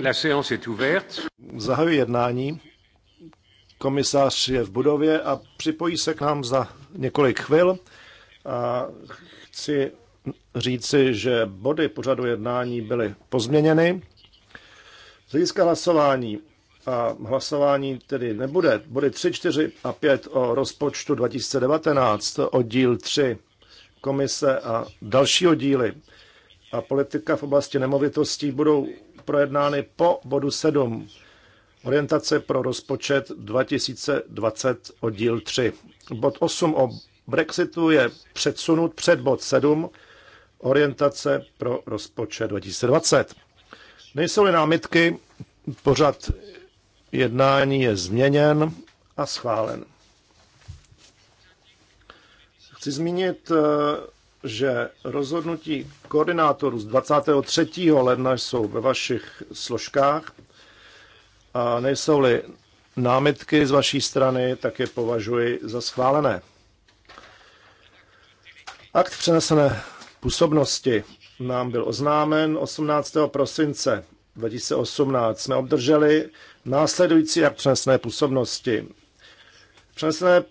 La séance est ouverte. Zahajuji jednání. Komisář je v budově a připojí se k nám za několik chvil. A chci říci, že body pořadu jednání byly pozměněny. Z hlediska hlasování a hlasování tedy nebude. Body 3, 4 a 5 o rozpočtu 2019, oddíl 3 komise a další oddíly a politika v oblasti nemovitostí budou projednány po bodu 7. Orientace pro rozpočet 2020 oddíl 3. Bod 8 o Brexitu je předsunut před bod 7. Orientace pro rozpočet 2020. Nejsou-li námitky, pořad jednání je změněn a schválen. Chci zmínit eh, že rozhodnutí koordinátorů z 23. ledna jsou ve vašich složkách a nejsou-li námitky z vaší strany, tak je považuji za schválené. Akt přenesené působnosti nám byl oznámen 18. prosince 2018. Jsme obdrželi následující akt přenesené působnosti. Přenesené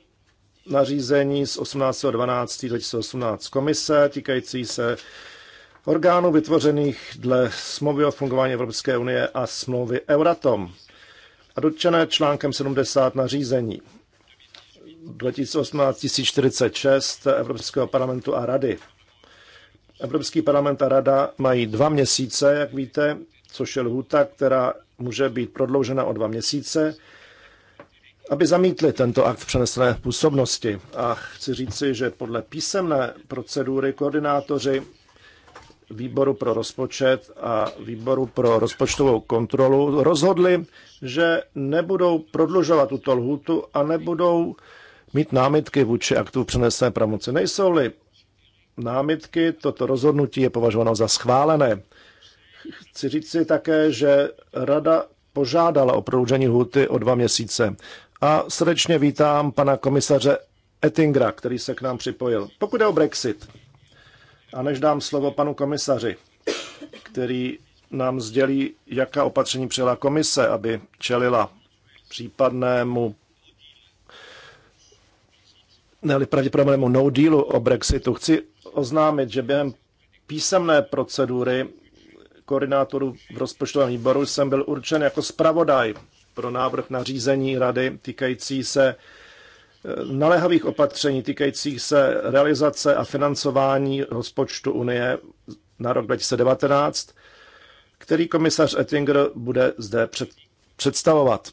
nařízení z 18.12.2018 komise týkající se orgánů vytvořených dle smlouvy o fungování Evropské unie a smlouvy Euratom a dotčené článkem 70 nařízení 2018-1046 Evropského parlamentu a Rady. Evropský parlament a Rada mají dva měsíce, jak víte, což je lhůta, která může být prodloužena o dva měsíce aby zamítli tento akt přenesené působnosti. A chci říci, že podle písemné procedury koordinátoři výboru pro rozpočet a výboru pro rozpočtovou kontrolu rozhodli, že nebudou prodlužovat tuto lhutu a nebudou mít námitky vůči aktu přenesené pravomoci. Nejsou-li námitky, toto rozhodnutí je považováno za schválené. Chci říci také, že rada požádala o prodloužení lhuty o dva měsíce a srdečně vítám pana komisaře Ettingera, který se k nám připojil. Pokud je o Brexit, a než dám slovo panu komisaři, který nám sdělí, jaká opatření přijela komise, aby čelila případnému ne pravděpodobnému no dealu o Brexitu. Chci oznámit, že během písemné procedury koordinátorů v rozpočtovém výboru jsem byl určen jako zpravodaj pro návrh na řízení rady týkající se eh, naléhavých opatření týkajících se realizace a financování rozpočtu Unie na rok 2019, který komisař Ettinger bude zde před, představovat.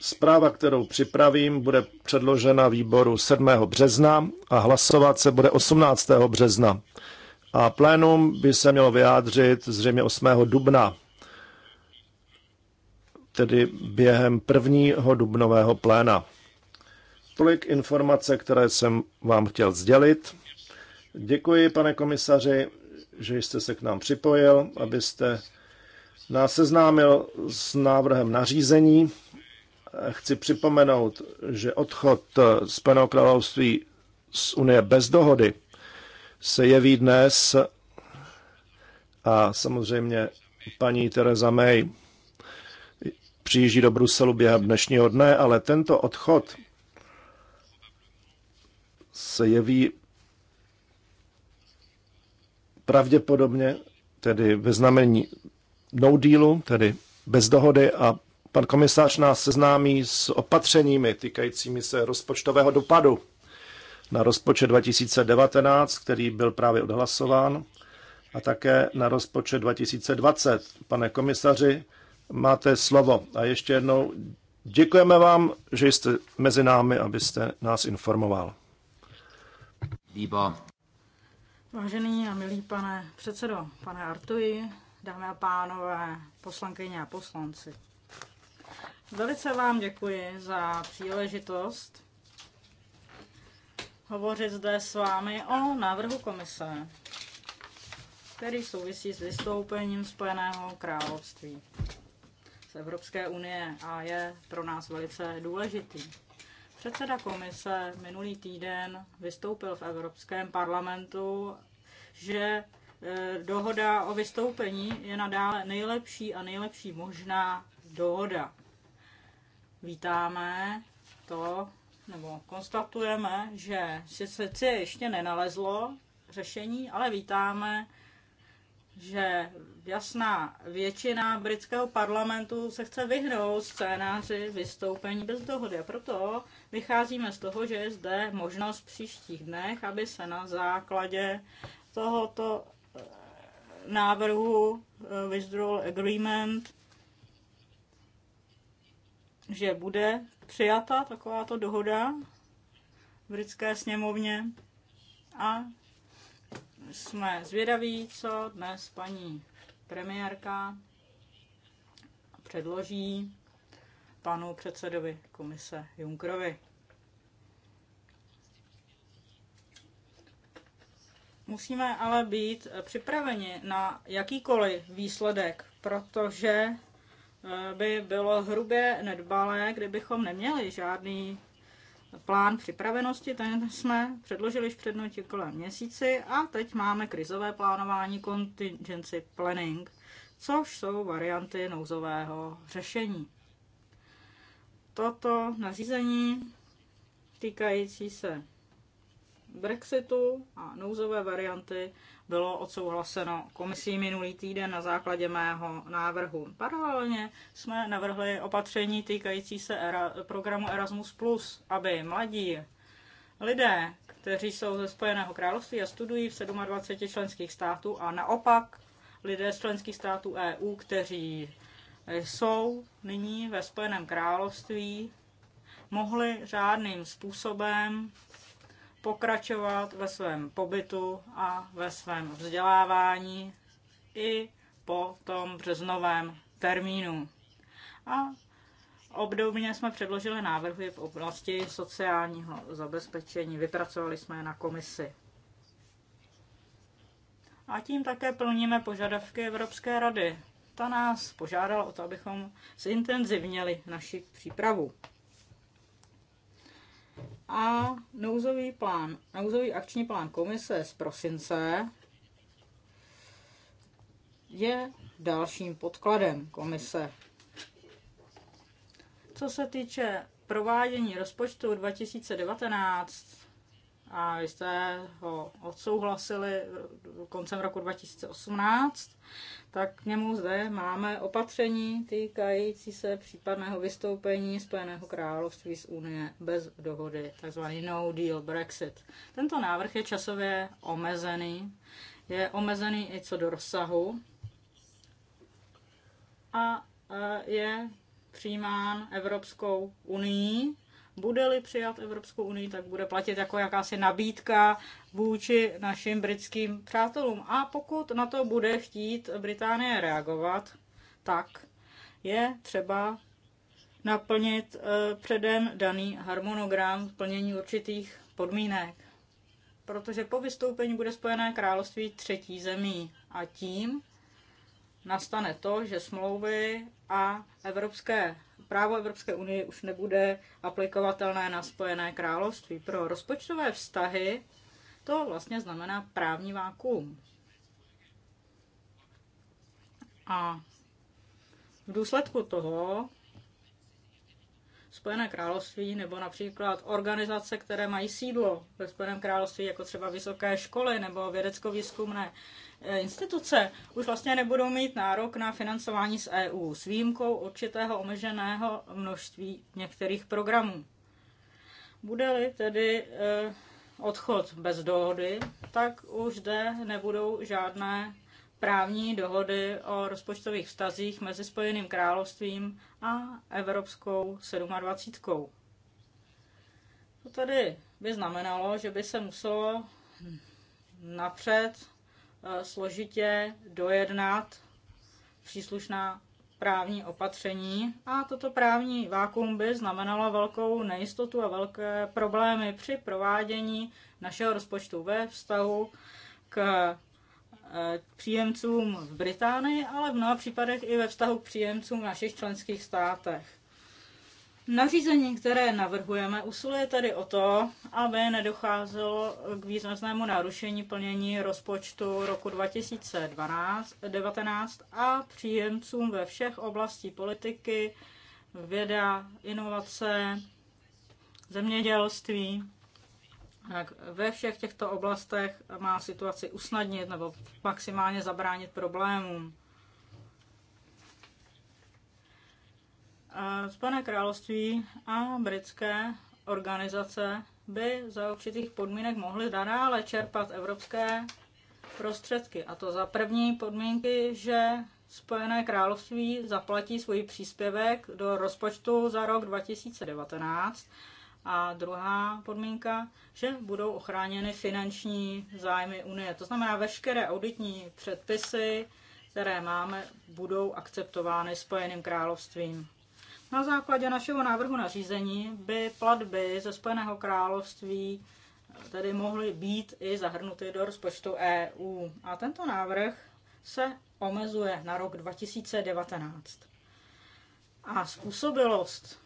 Zpráva, kterou připravím, bude předložena výboru 7. března a hlasovat se bude 18. března. A plénum by se mělo vyjádřit zřejmě 8. dubna tedy během prvního dubnového pléna. Tolik informace, které jsem vám chtěl sdělit. Děkuji, pane komisaři, že jste se k nám připojil, abyste nás seznámil s návrhem nařízení. Chci připomenout, že odchod z Spojeného království z Unie bez dohody se jeví dnes a samozřejmě paní Tereza May přijíždí do Bruselu během dnešního dne, ale tento odchod se jeví pravděpodobně, tedy ve znamení no dealu, tedy bez dohody a pan komisář nás seznámí s opatřeními týkajícími se rozpočtového dopadu na rozpočet 2019, který byl právě odhlasován, a také na rozpočet 2020. Pane komisaři, máte slovo. A ještě jednou děkujeme vám, že jste mezi námi, abyste nás informoval. Líba. Vážený a milý pane předsedo, pane Artuji, dámy a pánové, poslankyně a poslanci. Velice vám děkuji za příležitost hovořit zde s vámi o návrhu komise, který souvisí s vystoupením Spojeného království. Evropské unie a je pro nás velice důležitý. Předseda komise minulý týden vystoupil v Evropském parlamentu, že e, dohoda o vystoupení je nadále nejlepší a nejlepší možná dohoda. Vítáme to, nebo konstatujeme, že se ještě nenalezlo řešení, ale vítáme že jasná většina britského parlamentu se chce vyhnout scénáři vystoupení bez dohody. A proto vycházíme z toho, že je zde možnost v příštích dnech, aby se na základě tohoto eh, návrhu eh, withdrawal agreement, že bude přijata takováto dohoda v britské sněmovně a jsme zvědaví, co dnes paní premiérka předloží panu předsedovi komise Junkrovi. Musíme ale být připraveni na jakýkoliv výsledek, protože eh, by bylo hrubě nedbalé, kdybychom neměli žádný plán připravenosti, ten jsme předložili již před kolem měsíci a teď máme krizové plánování contingency planning, což jsou varianty nouzového řešení. Toto nařízení týkající se Brexitu a nouzové varianty bylo odsouhlaseno komisí minulý týden na základě mého návrhu. Paralelně jsme navrhli opatření týkající se era, programu Erasmus+, aby mladí lidé, kteří jsou ze Spojeného království a studují v 27 členských států a naopak lidé z členských států EU, kteří jsou nyní ve Spojeném království, mohli řádným způsobem pokračovat ve svém pobytu a ve svém vzdělávání i po tom březnovém termínu. A obdobně jsme předložili návrhy v oblasti sociálního zabezpečení, vypracovali jsme je na komisi. A tím také plníme požadavky Evropské rady. Ta nás požádala o to, abychom zintenzivněli naši přípravu. A nouzový plán, nouzový akční plán komise z prosince je dalším podkladem komise. Co se týče provádění rozpočtu 2019, a vy jste ho odsouhlasili koncem roku 2018, tak k němu zde máme opatření týkající se případného vystoupení Spojeného království z Unie bez dohody, takzvaný no deal Brexit. Tento návrh je časově omezený, je omezený i co do rozsahu a e, je přijímán Evropskou unii bude-li přijat Evropskou unii, tak bude platit jako jakási nabídka vůči našim britským přátelům. A pokud na to bude chtít Británie reagovat, tak je třeba naplnit eh, předem daný harmonogram plnění určitých podmínek. Protože po vystoupení bude Spojené království třetí zemí a tím nastane to, že smlouvy a evropské právo Evropské unie už nebude aplikovatelné na Spojené království. Pro rozpočtové vztahy to vlastně znamená právní vákuum. A v důsledku toho Spojené království nebo například organizace, které mají sídlo ve Spojeném království, jako třeba vysoké školy nebo vědecko-výzkumné Eh, instituce už vlastně nebudou mít nárok na financování z EU s výjimkou určitého omezeného množství některých programů. Bude-li tedy eh, odchod bez dohody, tak už zde nebudou žádné právní dohody o rozpočtových vztazích mezi Spojeným královstvím a Evropskou 27. To tedy by znamenalo, že by se muselo napřed Eh, složitě dojednat příslušná právní opatření a toto právní vákuum by znamenalo velkou nejistotu a velké problémy při provádění našeho rozpočtu ve vztahu k eh, příjemcům v Británii, ale v mnoha případech i ve vztahu k příjemcům v našich členských státech. Nařízení, které navrhujeme, usiluje tedy o to, aby nedocházelo k významnému narušení plnění rozpočtu roku 2019 a příjemcům ve všech oblastí politiky, věda, inovace, zemědělství. Tak ve všech těchto oblastech má situaci usnadnit nebo maximálně zabránit problémům. Spojené království a britské organizace by za určitých podmínek mohly nadále čerpat evropské prostředky. A to za první podmínky, že Spojené království zaplatí svůj příspěvek do rozpočtu za rok 2019. A druhá podmínka, že budou ochráněny finanční zájmy Unie. To znamená, veškeré auditní předpisy, které máme, budou akceptovány Spojeným královstvím. Na základě našeho návrhu na řízení by platby ze Spojeného království tedy mohly být i zahrnuty do rozpočtu EU. A tento návrh se omezuje na rok 2019. A způsobilost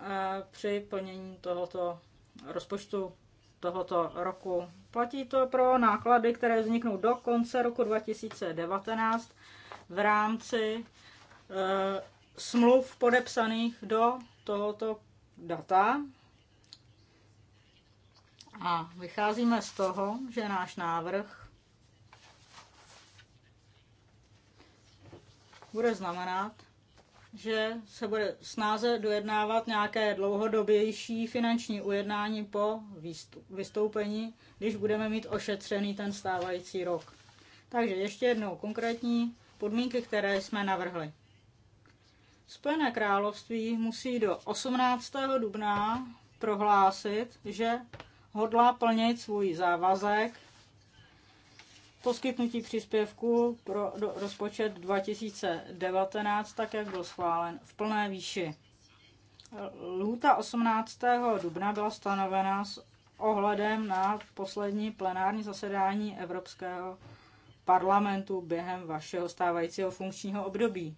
eh, při plnění tohoto rozpočtu tohoto roku. Platí to pro náklady, které vzniknou do konce roku 2019 v rámci eh, smluv podepsaných do tohoto data. A vycházíme z toho, že náš návrh bude znamenat, že se bude snáze dojednávat nějaké dlouhodobější finanční ujednání po vystoupení, když budeme mít ošetřený ten stávající rok. Takže ještě jednou konkrétní podmínky, které jsme navrhli. Spojené království musí do 18. dubna prohlásit, že hodlá plnit svůj závazek poskytnutí příspěvku pro do rozpočet 2019, tak jak byl schválen, v plné výši. Lhůta 18. dubna byla stanovena s ohledem na poslední plenární zasedání Evropského parlamentu během vašeho stávajícího funkčního období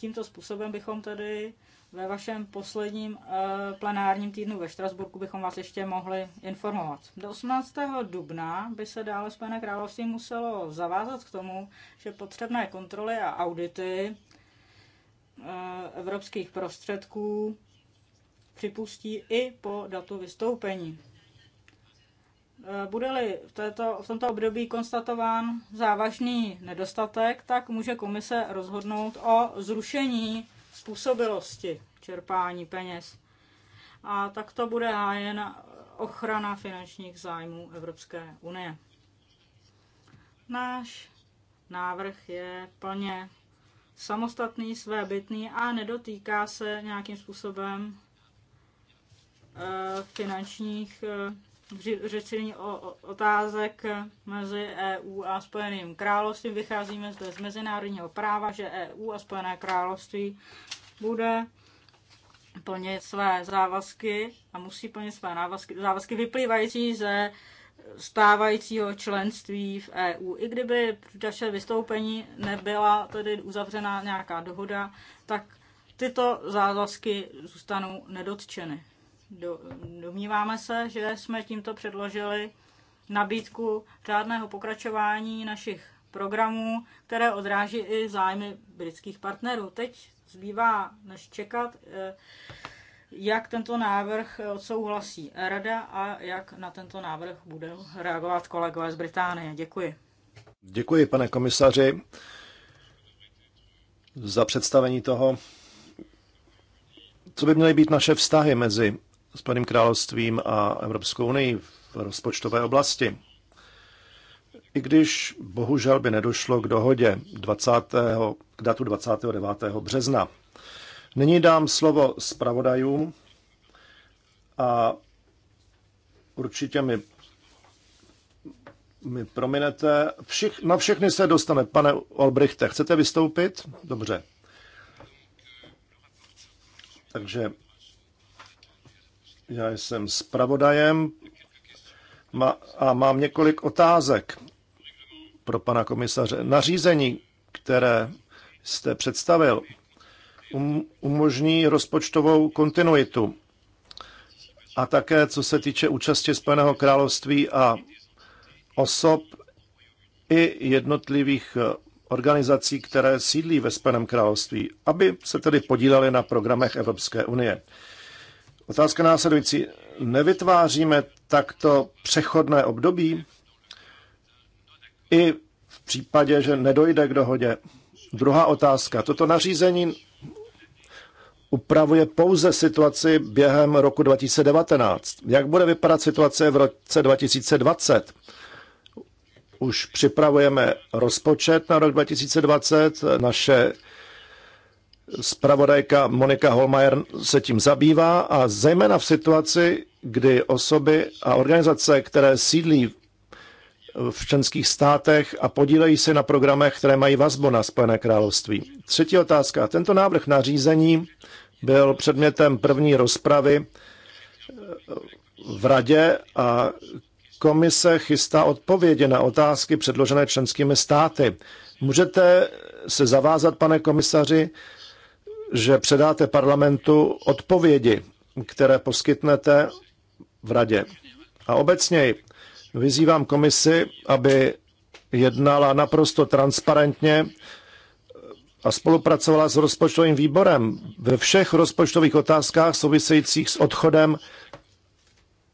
tímto způsobem bychom tedy ve vašem posledním eh, plenárním týdnu ve Štrasburku bychom vás ještě mohli informovat. Do 18. dubna by se dále Spojené království muselo zavázat k tomu, že potřebné kontroly a audity eh, evropských prostředků připustí i po datu vystoupení. Bude-li v, této, v tomto období konstatován závažný nedostatek, tak může komise rozhodnout o zrušení způsobilosti čerpání peněz. A takto bude hájen ochrana finančních zájmů Evropské unie. Náš návrh je plně samostatný, svébytný a nedotýká se nějakým způsobem eh, finančních eh, řešení otázek mezi EU a Spojeným královstvím. Vycházíme zde z mezinárodního práva, že EU a Spojené království bude plnit své závazky a musí plnit své návazky, závazky vyplývající ze stávajícího členství v EU. I kdyby naše vystoupení nebyla tedy uzavřena nějaká dohoda, tak tyto závazky zůstanou nedotčeny. Do, domníváme se, že jsme tímto předložili nabídku řádného pokračování našich programů, které odráží i zájmy britských partnerů. Teď zbývá než čekat, eh, jak tento návrh eh, odsouhlasí Rada a jak na tento návrh bude reagovat kolegové z Británie. Děkuji. Děkuji, pane komisaři, za představení toho, co by měly být naše vztahy mezi Spojeným královstvím a Evropskou unii v rozpočtové oblasti. I když bohužel by nedošlo k dohodě 20. k datu 29. března. Nyní dám slovo zpravodajům a určitě mi, mi prominete. Všich, na všechny se dostane. Pane Olbrichte, chcete vystoupit? Dobře. Takže já jsem zpravodajem a mám několik otázek pro pana komisaře. Nařízení, které jste představil, um, umožní rozpočtovou kontinuitu. A také, co se týče účasti Spojeného království a osob i jednotlivých eh, organizací, které sídlí ve Spojeném království, aby se tedy podílely na programech Evropské unie. Otázka následující. Nevytváříme takto přechodné období i v případě, že nedojde k dohodě. Druhá otázka. Toto nařízení upravuje pouze situaci během roku 2019. Jak bude vypadat situace v roce 2020? Už připravujeme rozpočet na rok 2020, naše Spravodajka Monika Holmajer se tím zabývá a zejména v situaci, kdy osoby a organizace, které sídlí v členských státech a podílejí se na programech, které mají vazbu na Spojené království. Třetí otázka. Tento návrh nařízení byl předmětem první rozpravy eh, v radě a komise chystá odpovědi na otázky předložené členskými státy. Můžete se zavázat, pane komisaři, že předáte parlamentu odpovědi, které poskytnete v radě. A obecně vyzývám komisi, aby jednala naprosto transparentně a spolupracovala s rozpočtovým výborem ve všech rozpočtových otázkách souvisejících s odchodem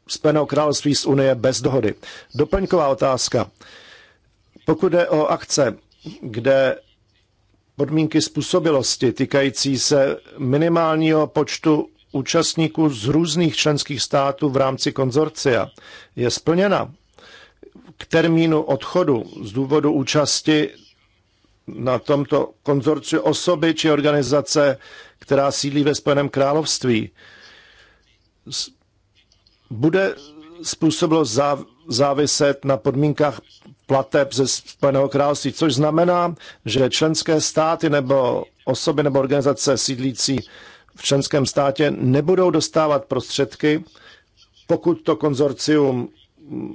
Spojeného království z Unie bez dohody. Doplňková otázka. Pokud je o akce, kde podmínky způsobilosti týkající se minimálního počtu účastníků z různých členských států v rámci konzorcia je splněna. K termínu odchodu z důvodu účasti na tomto konzorciu osoby či organizace, která sídlí ve Spojeném království, bude způsobilo záviset na podmínkách plateb ze Spojeného království, což znamená, že členské státy nebo osoby nebo organizace sídlící v členském státě nebudou dostávat prostředky, pokud to konzorcium mm,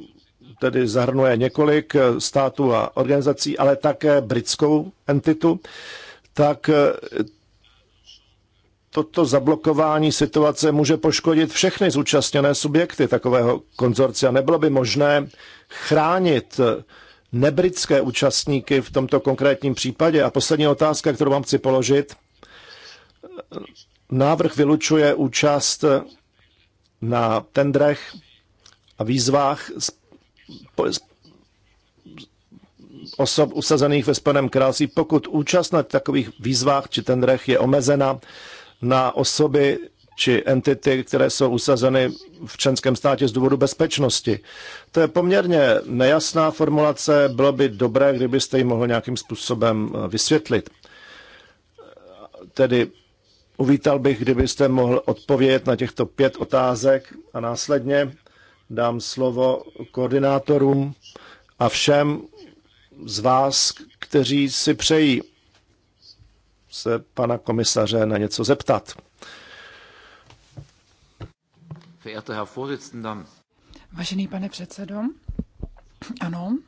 tedy zahrnuje několik eh, států a organizací, ale také britskou entitu, tak eh, toto zablokování situace může poškodit všechny zúčastněné subjekty takového konzorcia. Nebylo by možné chránit eh, nebritské účastníky v tomto konkrétním případě. A poslední otázka, kterou vám chci položit. Návrh vylučuje účast na tendrech a výzvách osob usazených ve Spojeném království, pokud účast na takových výzvách či tendrech je omezena na osoby či entity, které jsou usazeny v členském státě z důvodu bezpečnosti. To je poměrně nejasná formulace, bylo by dobré, kdybyste ji mohl nějakým způsobem eh, vysvětlit. Tedy uvítal bych, kdybyste mohl odpovědět na těchto pět otázek a následně dám slovo koordinátorům a všem z vás, kteří si přejí se pana komisaře na něco zeptat. Verehrter Herr Vorsitzender. Vážený pane předsedo, ano.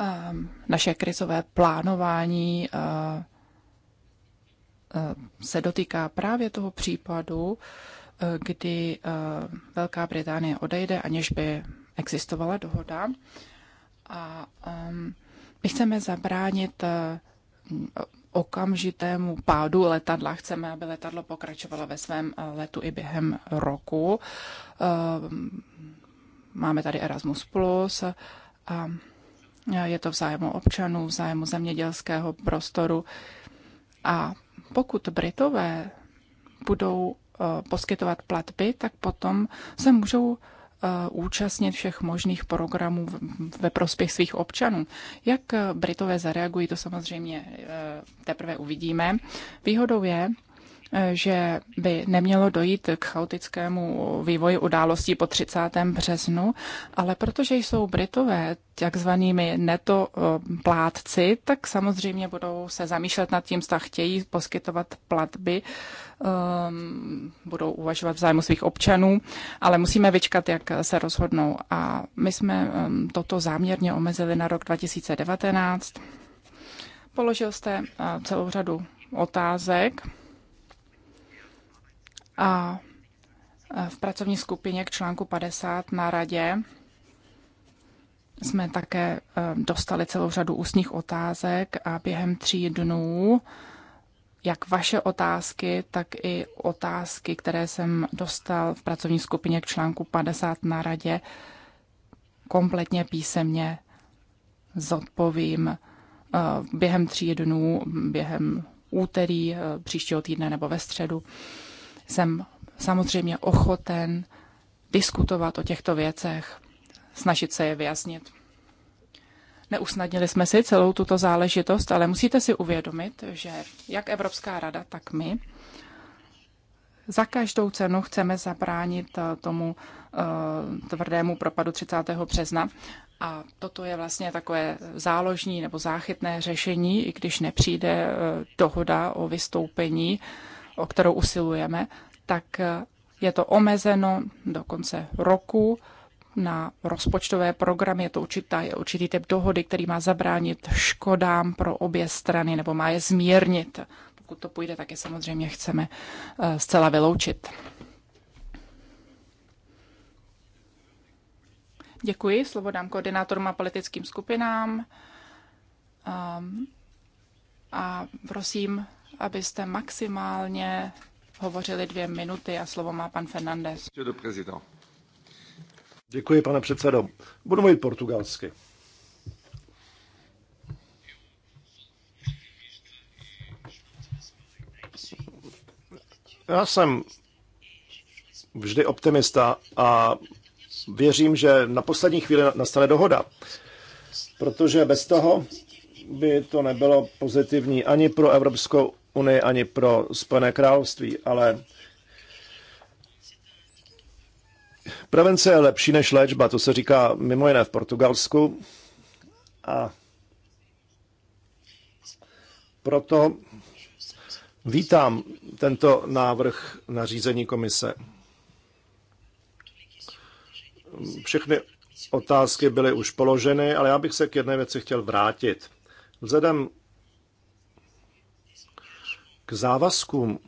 Eh, naše krizové plánování eh, eh, se dotýká právě toho případu, kdy Velká Británie odejde, aniž by existovala dohoda. A my chceme zabránit okamžitému pádu letadla. Chceme, aby letadlo pokračovalo ve svém eh, letu i během roku. Eh, máme tady Erasmus+, a je to v zájmu občanů, v zájmu zemědělského prostoru. A pokud Britové budou eh, poskytovat platby, tak potom se můžou Eh, účastnit všech možných programů ve prospěch svých občanů. Jak eh, Britové zareagují, to samozřejmě eh, teprve uvidíme. Výhodou je, že by nemělo dojít k chaotickému vývoji událostí po 30. březnu, ale protože jsou Britové takzvanými neto eh, plátci, tak samozřejmě budou se zamýšlet nad tím, zda chtějí poskytovat platby, um, budou uvažovat v zájmu svých občanů, ale musíme vyčkat, jak se rozhodnou. A my jsme um, toto záměrně omezili na rok 2019. Položil jste uh, celou řadu otázek a v pracovní skupině k článku 50 na radě jsme také e, dostali celou řadu ústních otázek a během tří dnů jak vaše otázky, tak i otázky, které jsem dostal v pracovní skupině k článku 50 na radě, kompletně písemně zodpovím e, během tří dnů, během úterý, e, příštího týdne nebo ve středu jsem samozřejmě ochoten diskutovat o těchto věcech, snažit se je vyjasnit. Neusnadnili jsme si celou tuto záležitost, ale musíte si uvědomit, že jak Evropská rada, tak my za každou cenu chceme zabránit eh, tomu uh, tvrdému propadu 30. března. A toto je vlastně takové záložní nebo záchytné řešení, i když nepřijde uh, dohoda o vystoupení. Uh, o kterou usilujeme, tak eh, je to omezeno do konce roku na rozpočtové programy. Je to určitá, je určitý typ dohody, který má zabránit škodám pro obě strany nebo má je zmírnit. Pokud to půjde, tak je samozřejmě chceme eh, zcela vyloučit. Děkuji. Slovo dám koordinátorům a politickým skupinám. Um, a prosím, abyste maximálně hovořili dvě minuty a slovo má pan Fernandez. Děkuji, pane předsedo. Budu mluvit portugalsky. Já jsem vždy optimista a věřím, že na poslední chvíli nastane dohoda, protože bez toho by to nebylo pozitivní ani pro Evropskou Unii ani pro Spojené království, ale prevence je lepší než léčba, to se říká mimo jiné v Portugalsku. A proto vítám tento návrh na řízení komise. Všechny otázky byly už položeny, ale já bych se k jedné věci chtěl vrátit. Vzhledem k závazkům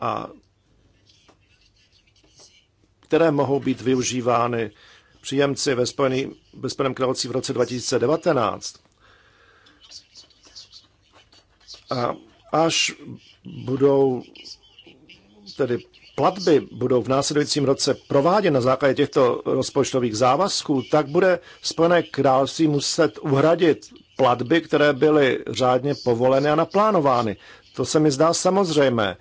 a které mohou být využívány příjemci ve, Spojený, ve Spojeném království v roce 2019. A až budou tedy platby budou v následujícím roce prováděny na základě těchto rozpočtových závazků, tak bude Spojené království muset uhradit platby, které byly řádně povoleny a naplánovány. To se mi zdá samozřejmé.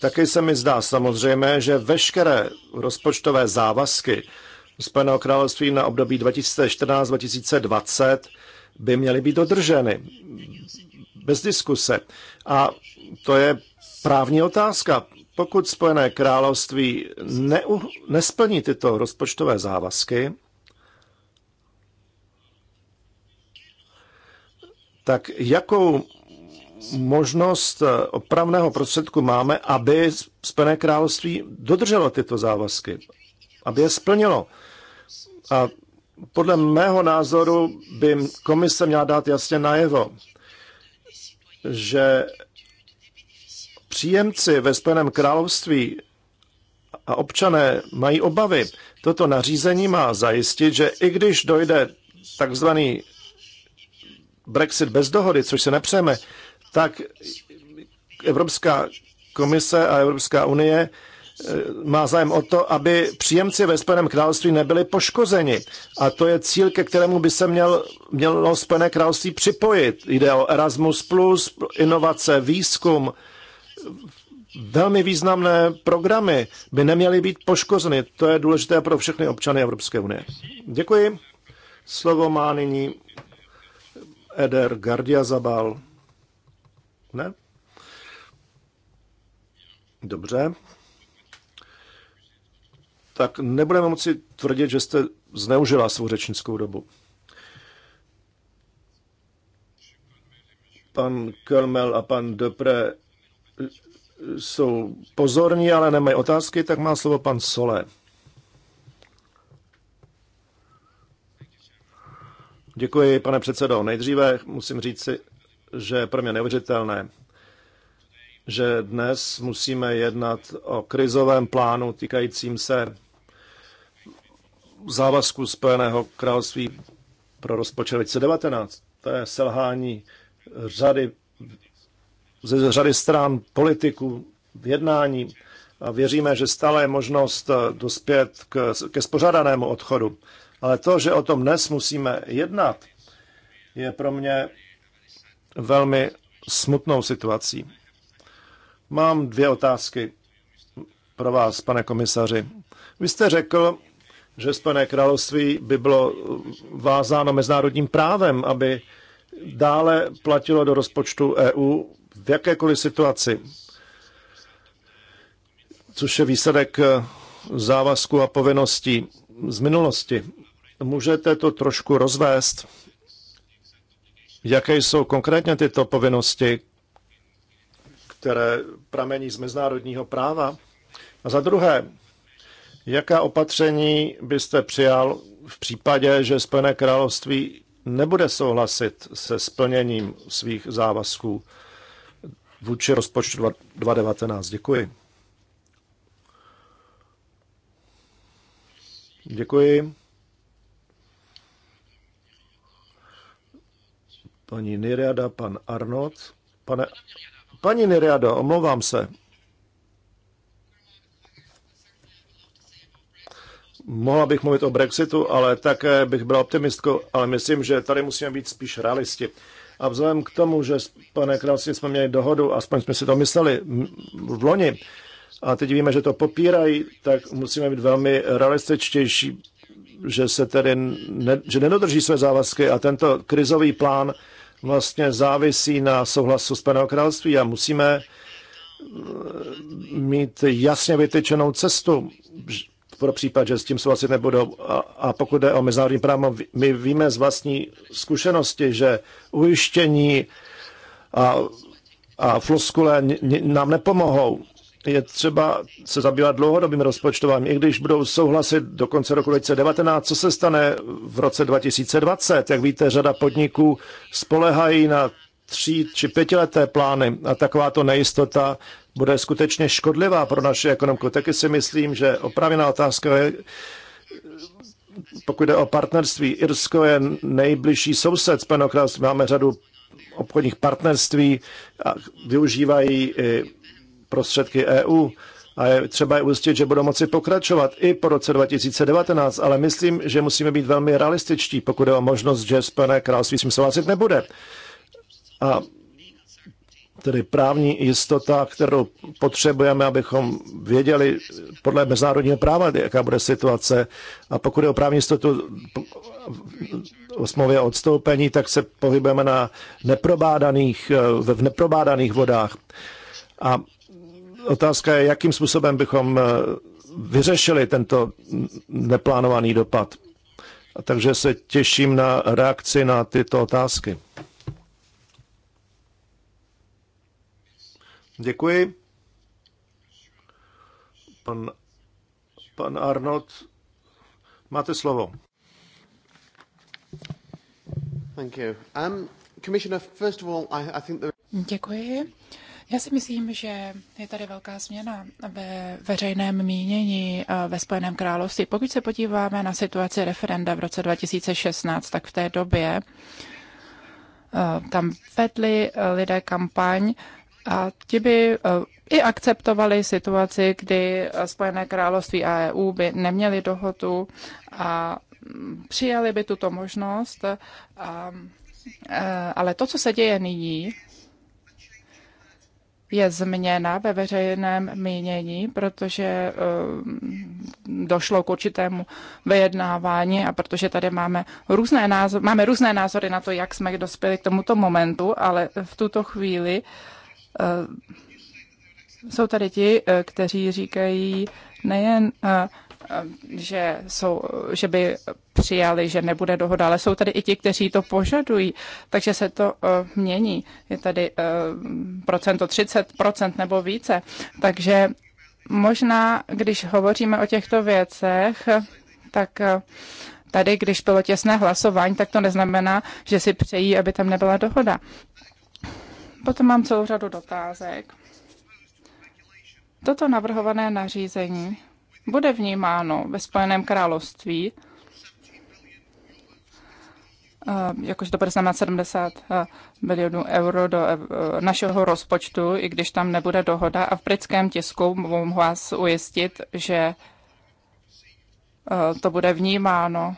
Taky se mi zdá samozřejmé, že veškeré rozpočtové závazky Spojeného království na období 2014-2020 by měly být dodrženy. Bez diskuse. A to je právní otázka. Pokud Spojené království neu, nesplní tyto rozpočtové závazky, tak jakou možnost eh, opravného prostředku máme, aby Spojené království dodrželo tyto závazky, aby je splnilo. A podle mého názoru by komise měla dát jasně najevo, že příjemci ve Spojeném království a občané mají obavy. Toto nařízení má zajistit, že i když dojde takzvaný Brexit bez dohody, což se nepřejeme, tak Evropská komise a Evropská unie eh, má zájem o to, aby příjemci ve Spojeném království nebyli poškozeni. A to je cíl, ke kterému by se měl, mělo Spojené království připojit. Jde o Erasmus+, inovace, výzkum. Velmi významné programy by neměly být poškozeny. To je důležité pro všechny občany Evropské unie. Děkuji. Slovo má nyní Eder Gardia Zabal. Ne? Dobře. Tak nebudeme moci tvrdit, že jste zneužila svou řečnickou dobu. Pan Kelmel a pan Depre jsou pozorní, ale nemají otázky, tak má slovo pan Sole. Děkuji, pane předsedo. Nejdříve musím říci, že je pro mě neuvěřitelné, že dnes musíme jednat o krizovém plánu týkajícím se závazku Spojeného království pro rozpočet 2019. To je selhání řady, ze řady stran politiků, jednání a věříme, že stále je možnost dospět k, ke spořádanému odchodu. Ale to, že o tom dnes musíme jednat, je pro mě velmi smutnou situací. Mám dvě otázky pro vás, pane komisaři. Vy jste řekl, že Spojené království by bylo vázáno mezinárodním právem, aby dále platilo do rozpočtu EU v jakékoliv situaci, což je výsledek závazku a povinností z minulosti. Můžete to trošku rozvést? Jaké jsou konkrétně tyto povinnosti, které pramení z mezinárodního práva? A za druhé, jaká opatření byste přijal v případě, že Spojené království nebude souhlasit se splněním svých závazků vůči rozpočtu 2019? Děkuji. Děkuji. paní Niriada, pan Arnold. Pane, paní Niriada, omlouvám se. Mohla bych mluvit o Brexitu, ale také bych byla optimistkou, ale myslím, že tady musíme být spíš realisti. A vzhledem k tomu, že s pane Krausi jsme měli dohodu, aspoň jsme si to mysleli v loni, a teď víme, že to popírají, tak musíme být velmi realističtější, že se tedy ne, že nedodrží své závazky a tento krizový plán vlastně závisí na souhlasu Spojeného království a musíme eh, mít jasně vytyčenou cestu pro případ, že s tím souhlasit nebudou. A, a pokud jde o mezinárodní právo, my víme z vlastní zkušenosti, že ujištění a, a floskule nám nepomohou je třeba se zabývat dlouhodobým rozpočtováním, i když budou souhlasit do konce roku 2019, co se stane v roce 2020. Jak víte, řada podniků spolehají na tří či pětileté plány a takováto nejistota bude skutečně škodlivá pro naši ekonomiku. Taky si myslím, že opravená otázka je, pokud jde o partnerství, Irsko je nejbližší soused Spojeného království. Máme řadu obchodních partnerství a využívají i prostředky EU a je třeba je ujistit, že budou moci pokračovat i po roce 2019, ale myslím, že musíme být velmi realističtí, pokud je o možnost, že Spojené království s tím souhlasit nebude. A tedy právní jistota, kterou potřebujeme, abychom věděli podle mezinárodního práva, jaká bude situace. A pokud je o právní jistotu o smlouvě o odstoupení, tak se pohybujeme na neprobádaných, eh, v neprobádaných vodách. A Otázka je, jakým způsobem bychom eh, vyřešili tento neplánovaný dopad. A takže se těším na reakci na tyto otázky. Děkuji. Pan, pan Arnold, máte slovo. Děkuji. Um, Commissioner, first of all, I, think Děkuji. Já si myslím, že je tady velká změna ve veřejném mínění eh, ve Spojeném království. Pokud se podíváme na situaci referenda v roce 2016, tak v té době eh, tam vedli eh, lidé kampaň a ti by i akceptovali situaci, kdy Spojené království a EU by neměli dohodu a mm, přijali by tuto možnost. A ale to, co se děje nyní, je změna ve veřejném mínění, protože eh, došlo k určitému vyjednávání a protože tady máme různé, názory, máme různé názory na to, jak jsme dospěli k tomuto momentu, ale v tuto chvíli eh, jsou tady ti, eh, kteří říkají nejen že, jsou, že by přijali, že nebude dohoda, ale jsou tady i ti, kteří to požadují, takže se to uh, mění. Je tady uh, procento 30% nebo více. Takže možná, když hovoříme o těchto věcech, tak uh, tady, když bylo těsné hlasování, tak to neznamená, že si přejí, aby tam nebyla dohoda. Potom mám celou řadu dotázek. Toto navrhované nařízení bude vnímáno ve Spojeném království eh, jakože to bude znamenat 70 eh, milionů euro do eh, našeho rozpočtu, i když tam nebude dohoda. A v britském tisku mohu vás ujistit, že to bude vnímáno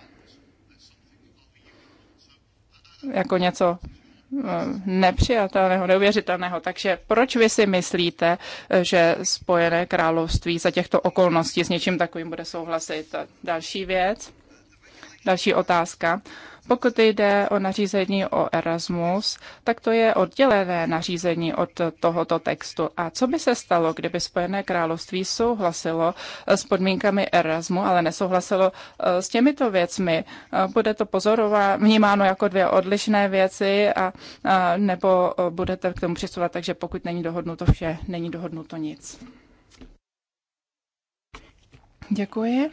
jako něco Eh, nepřijatelného, neuvěřitelného. Takže proč vy si myslíte, eh, že Spojené království za těchto okolností s něčím takovým bude souhlasit? Další věc, další otázka. Pokud jde o nařízení o Erasmus, tak to je oddělené nařízení od tohoto textu. A co by se stalo, kdyby Spojené království souhlasilo eh, s podmínkami Erasmu, ale nesouhlasilo eh, s těmito věcmi? Eh, bude to pozorováno, vnímáno jako dvě odlišné věci, a, a, nebo budete k tomu přistupovat, takže pokud není dohodnuto vše, není dohodnuto nic. Děkuji.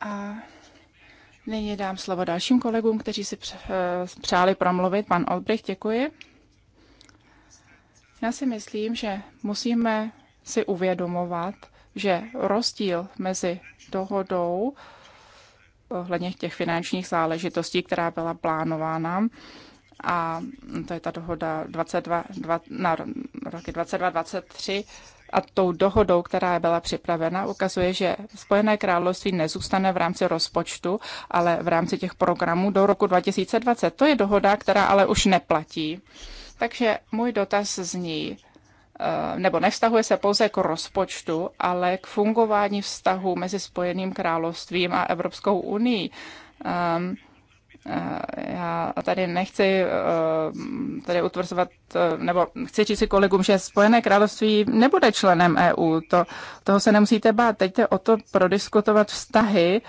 A Nyní dám slovo dalším kolegům, kteří si eh, přáli promluvit. Pan Olbrich, děkuji. Já si myslím, že musíme si uvědomovat, že rozdíl mezi dohodou ohledně těch finančních záležitostí, která byla plánována, a to je ta dohoda 22, 20, na roky 2023, a tou dohodou, která byla připravena, ukazuje, že Spojené království nezůstane v rámci rozpočtu, ale v rámci těch programů do roku 2020. To je dohoda, která ale už neplatí. Takže můj dotaz zní, eh, nebo nevztahuje se pouze k rozpočtu, ale k fungování vztahu mezi Spojeným královstvím a Evropskou unii. Um, Eh, já tady nechci eh, tady utvrzovat, eh, nebo chci říct si kolegům, že Spojené království nebude členem EU, to, toho se nemusíte bát. Teď je o to prodiskutovat vztahy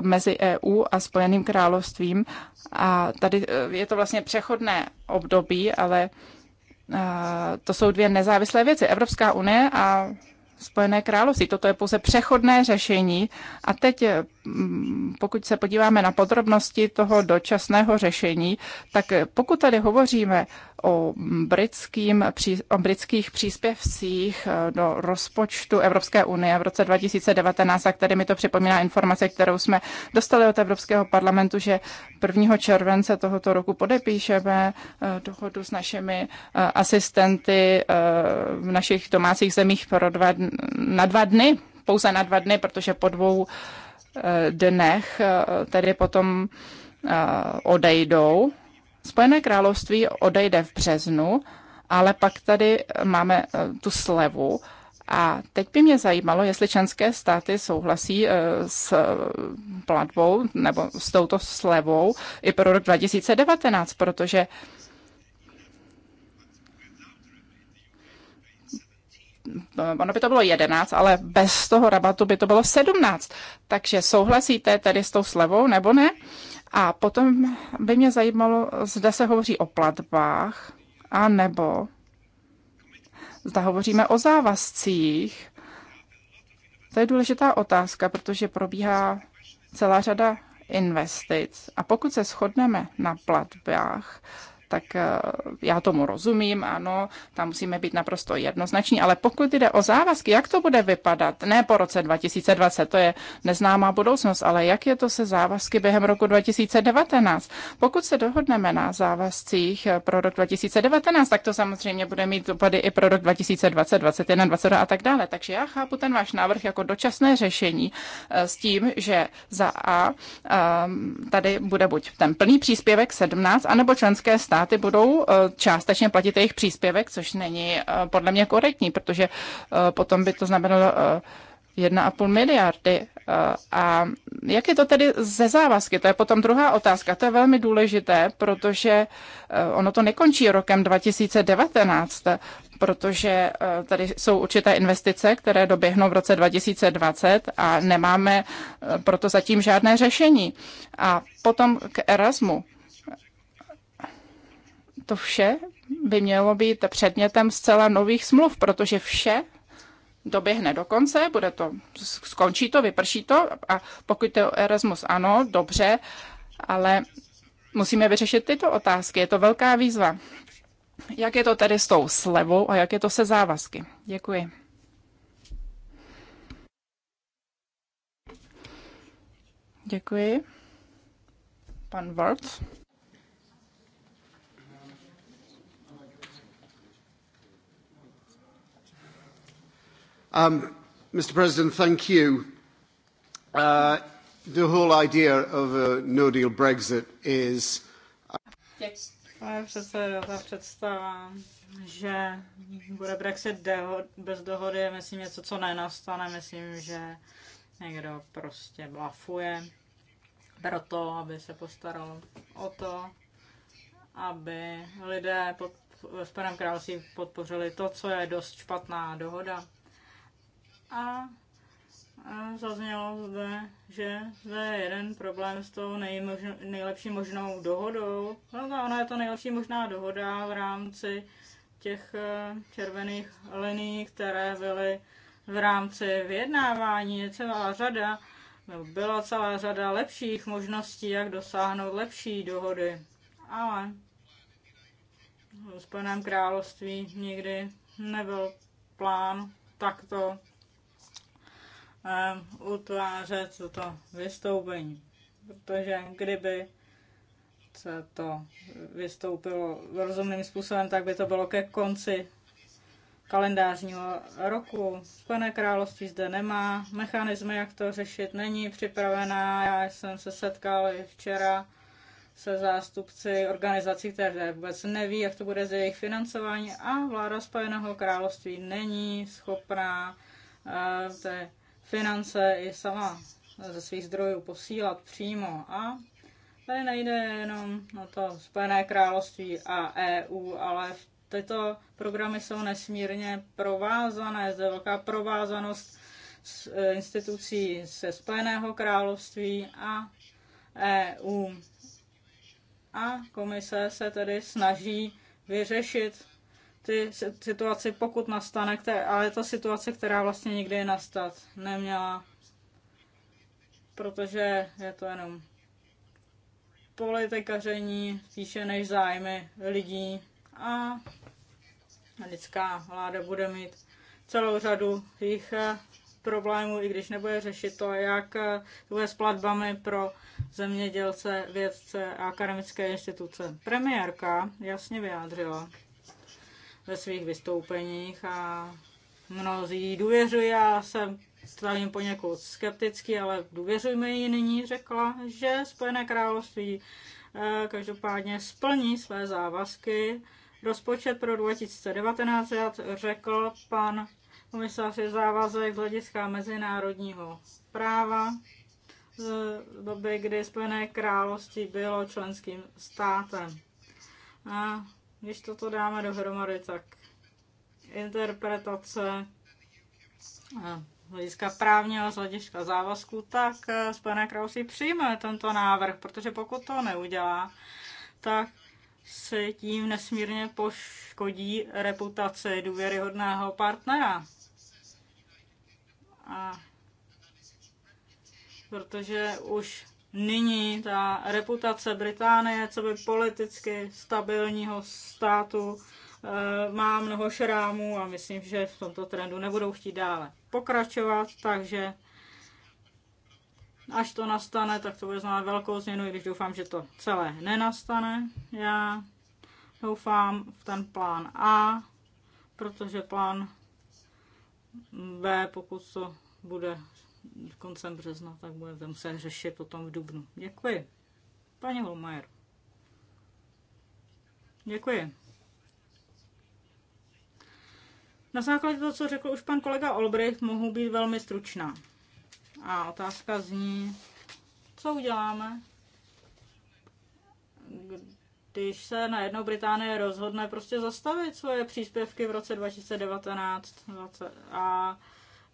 mezi EU a Spojeným královstvím a tady je to vlastně přechodné období, ale to jsou dvě nezávislé věci. Evropská unie a Spojené království. Toto je pouze přechodné řešení a teď Mm, pokud se podíváme na podrobnosti toho dočasného řešení, tak pokud tady hovoříme o, britským, o britských příspěvcích eh, do rozpočtu Evropské unie v roce 2019, a tady mi to připomíná informace, kterou jsme dostali od Evropského parlamentu, že 1. července tohoto roku podepíšeme eh, dohodu s našimi eh, asistenty v našich domácích zemích pro dva, na dva dny pouze na dva dny, protože po dvou Eh, dnech eh, tedy potom eh, odejdou. Spojené království odejde v březnu, ale pak tady máme tu slevu. A teď by mě zajímalo, jestli členské státy souhlasí s platbou nebo s touto slevou i pro rok 2019, protože Eh, ono by to bylo 11, ale bez toho rabatu by to bylo 17. Takže souhlasíte tedy s tou slevou nebo ne? A potom by mě zajímalo, zda se hovoří o platbách, a nebo zda hovoříme o závazcích. To je důležitá otázka, protože probíhá celá řada investic. A pokud se shodneme na platbách, tak eh, já tomu rozumím, ano, tam musíme být naprosto jednoznační, ale pokud jde o závazky, jak to bude vypadat, ne po roce 2020, to je neznámá budoucnost, ale jak je to se závazky během roku 2019? Pokud se dohodneme na závazcích eh, pro rok 2019, tak to samozřejmě bude mít dopady i pro rok 2020, 2021, 2022 a tak dále. Takže já chápu ten váš návrh jako dočasné řešení eh, s tím, že za A ehm, tady bude buď ten plný příspěvek 17, anebo členské státy státy budou eh, částečně platit jejich příspěvek, což není eh, podle mě korektní, protože eh, potom by to znamenalo 1,5 miliardy. A jak je to tedy ze závazky? To je potom druhá otázka. To je velmi důležité, protože ono to nekončí rokem 2019, protože tady jsou určité investice, které doběhnou v roce 2020 a nemáme proto zatím žádné řešení. A potom k Erasmu to vše by mělo být předmětem zcela nových smluv, protože vše doběhne do konce, bude to, skončí to, vyprší to a pokud je Erasmus ano, dobře, ale musíme vyřešit tyto otázky, je to velká výzva. Jak je to tedy s tou slevou a jak je to se závazky? Děkuji. Děkuji. Pan Ward. Um, Mr. President, thank you. Uh, the whole idea of a no-deal Brexit is... Uh, Pane předsedo, ta představa, že bude Brexit bez dohody, je myslím něco, co nenastane. Myslím, že někdo prostě blafuje proto, aby se postaral o to, aby lidé pod, ve Spojeném království podpořili to, co je dost špatná dohoda a zaznělo zde, že zde je jeden problém s tou nejmožno, nejlepší možnou dohodou. No, no ona je to nejlepší možná dohoda v rámci těch e, červených liní, které byly v rámci vyjednávání. Je celá řada, nebo byla celá řada lepších možností, jak dosáhnout lepší dohody. Ale v Spojeném království nikdy nebyl plán takto Um, utvářet toto vystoupení. Protože kdyby se to vystoupilo rozumným způsobem, tak by to bylo ke konci kalendářního roku. Spojené království zde nemá mechanizmy, jak to řešit, není připravená. Já jsem se setkal i včera se zástupci organizací, které vůbec neví, jak to bude z jejich financování a vláda Spojeného království není schopná uh, finance i sama ze svých zdrojů posílat přímo. A tady nejde jenom na to Spojené království a EU, ale tyto programy jsou nesmírně provázané, zde velká provázanost s eh, institucí ze Spojeného království a EU. A komise se tedy snaží vyřešit ty situaci, pokud nastane, ale je to situace, která vlastně nikdy nastat neměla, protože je to jenom politikaření spíše než zájmy lidí a lidská vláda bude mít celou řadu jich eh, problémů, i když nebude řešit to, jak to eh, bude s platbami pro zemědělce, vědce a akademické instituce. Premiérka jasně vyjádřila, ve svých vystoupeních a mnozí důvěřují. Já jsem stavím poněkud skepticky, ale důvěřujme jí nyní, řekla, že Spojené království eh, každopádně splní své závazky. Rozpočet pro 2019, řekl pan komisař, je závazek z hlediska mezinárodního práva z doby, kdy Spojené království bylo členským státem. A když toto dáme dohromady, tak interpretace eh, z hlediska právního, z hlediska závazku, tak eh, Spojené království přijme tento návrh, protože pokud to neudělá, tak se tím nesmírně poškodí reputace důvěryhodného partnera. A protože už nyní ta reputace Británie, co by politicky stabilního státu, eh, má mnoho šrámů a myslím, že v tomto trendu nebudou chtít dále pokračovat, takže až to nastane, tak to bude znamenat velkou změnu, i když doufám, že to celé nenastane. Já doufám v ten plán A, protože plán B, pokud to bude koncem března, tak budeme muset řešit potom v dubnu. Děkuji. Paní Holmajer. Děkuji. Na základě toho, co řekl už pan kolega Olbrich, mohu být velmi stručná. A otázka zní, co uděláme, když se najednou Británie rozhodne prostě zastavit svoje příspěvky v roce 2019 a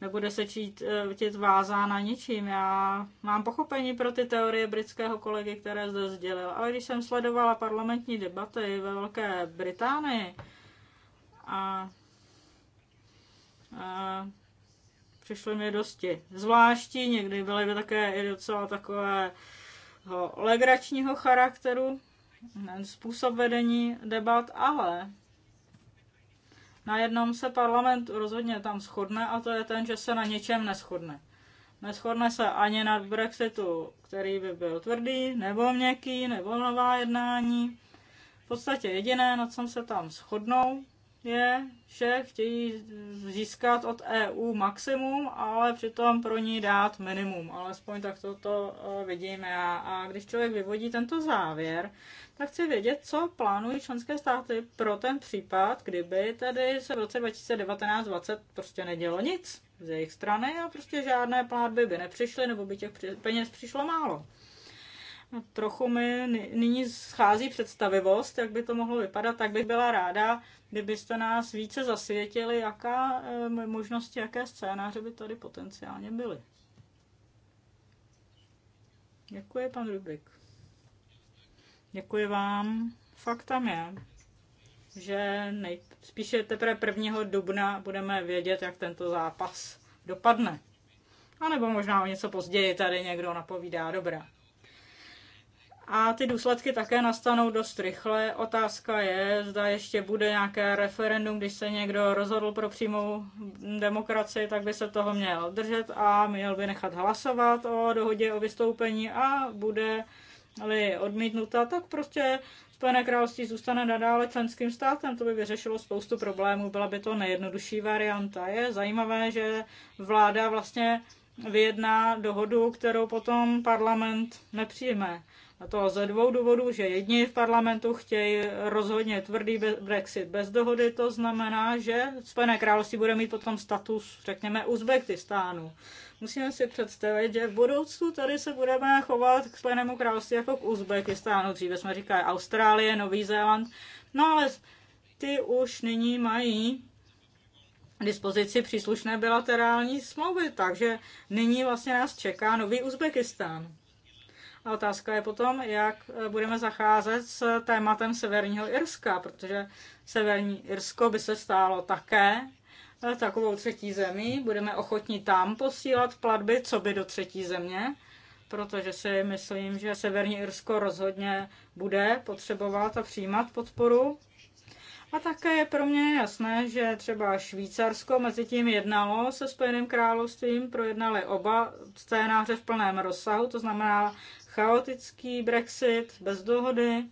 nebude se čít, čít eh, vázána ničím. Já mám pochopení pro ty teorie britského kolegy, které zde sdělil, ale když jsem sledovala parlamentní debaty ve Velké Británii a, a přišly mi dosti zvláštní, někdy byly by také i docela takové legračního charakteru, způsob vedení debat, ale na jednom se parlament rozhodně tam shodne a to je ten, že se na něčem neschodne. Neschodne se ani na Brexitu, který by byl tvrdý, nebo měkký, nebo nová jednání. V podstatě jediné, na čem se tam shodnou, je, vlastně že chtějí získat od EU maximum, ale přitom pro ní dát minimum. Alespoň tak to, to eh, vidíme. A když člověk vyvodí tento závěr, tak chci vědět, co plánují členské státy pro ten případ, kdyby tedy se v roce 2019-2020 prostě nedělo nic z jejich strany a prostě žádné plátby by nepřišly nebo by těch peněz přišlo málo. A trochu mi nyní schází představivost, jak by to mohlo vypadat, tak bych byla ráda, Kdybyste nás více zasvětili, jaká eh, možnosti, jaké scénáře by tady potenciálně byly. Děkuji, pan Rubik. Děkuji vám. Fakt tam je, že spíše teprve 1. dubna budeme vědět, jak tento zápas dopadne. A nebo možná o něco později tady někdo napovídá, dobrá. A ty důsledky také nastanou dost rychle. Otázka je, zda ještě bude nějaké referendum, když se někdo rozhodl pro přímou demokracii, tak by se toho měl držet a měl by nechat hlasovat o dohodě o vystoupení a bude ale odmítnuta, tak prostě Spojené království zůstane nadále členským státem. To by vyřešilo spoustu problémů, byla by to nejjednodušší varianta. Je zajímavé, že vláda vlastně vyjedná dohodu, kterou potom parlament nepřijme. A to ze dvou důvodů, že jedni v parlamentu chtějí rozhodně tvrdý Brexit bez dohody, to znamená, že Spojené království bude mít potom status, řekněme, Uzbekistánu. Musíme si představit, že v budoucnu tady se budeme chovat k Spojenému království jako k Uzbekistánu. Dříve jsme říkali Austrálie, Nový Zéland, no ale ty už nyní mají dispozici příslušné bilaterální smlouvy, takže nyní vlastně nás čeká nový Uzbekistán. A otázka je potom, jak eh, budeme zacházet s tématem Severního Irska, protože Severní Irsko by se stálo také eh, takovou třetí zemí. Budeme ochotní tam posílat platby, co by do třetí země, protože si myslím, že Severní Irsko rozhodně bude potřebovat a přijímat podporu. A také je pro mě jasné, že třeba Švýcarsko mezi tím jednalo se Spojeným královstvím, projednali oba scénáře v plném rozsahu, to znamená chaotický Brexit bez dohody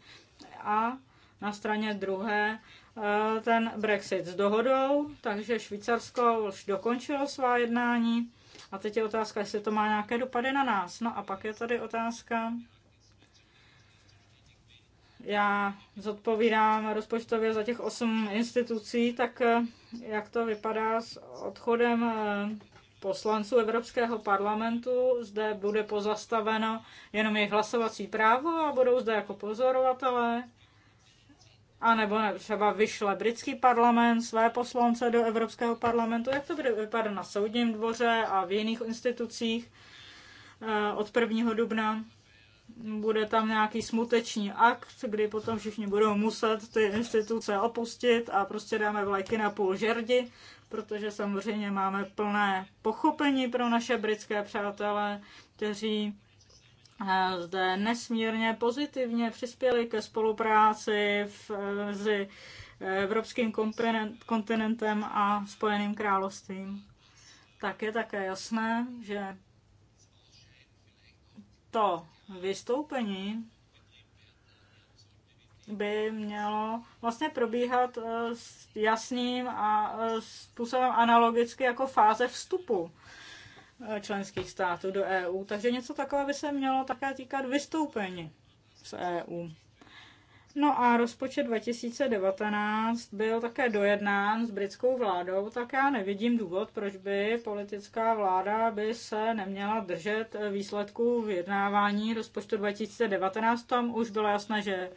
a na straně druhé eh, ten Brexit s dohodou, takže Švýcarsko už dokončilo svá jednání a teď je otázka, jestli to má nějaké dopady na nás. No a pak je tady otázka, já zodpovídám rozpočtově za těch osm institucí, tak eh, jak to vypadá s odchodem eh, poslanců Evropského parlamentu. Zde bude pozastaveno jenom jejich hlasovací právo a budou zde jako pozorovatelé. A nebo třeba vyšle britský parlament své poslance do Evropského parlamentu, jak to bude vypadat na soudním dvoře a v jiných institucích eh, od 1. dubna. Bude tam nějaký smuteční akt, kdy potom všichni budou muset ty instituce opustit a prostě dáme vlajky na půl žerdi protože samozřejmě máme plné pochopení pro naše britské přátelé, kteří eh, zde nesmírně pozitivně přispěli ke spolupráci v, eh, s eh, evropským kontinentem a Spojeným královstvím. Tak je také jasné, že to vystoupení by mělo vlastně probíhat eh, s jasným a eh, způsobem analogicky jako fáze vstupu eh, členských států do EU. Takže něco takové by se mělo také týkat vystoupení z EU. No a rozpočet 2019 byl také dojednán s britskou vládou, tak já nevidím důvod, proč by politická vláda by se neměla držet výsledků vyjednávání rozpočtu 2019. Tam už bylo jasné, že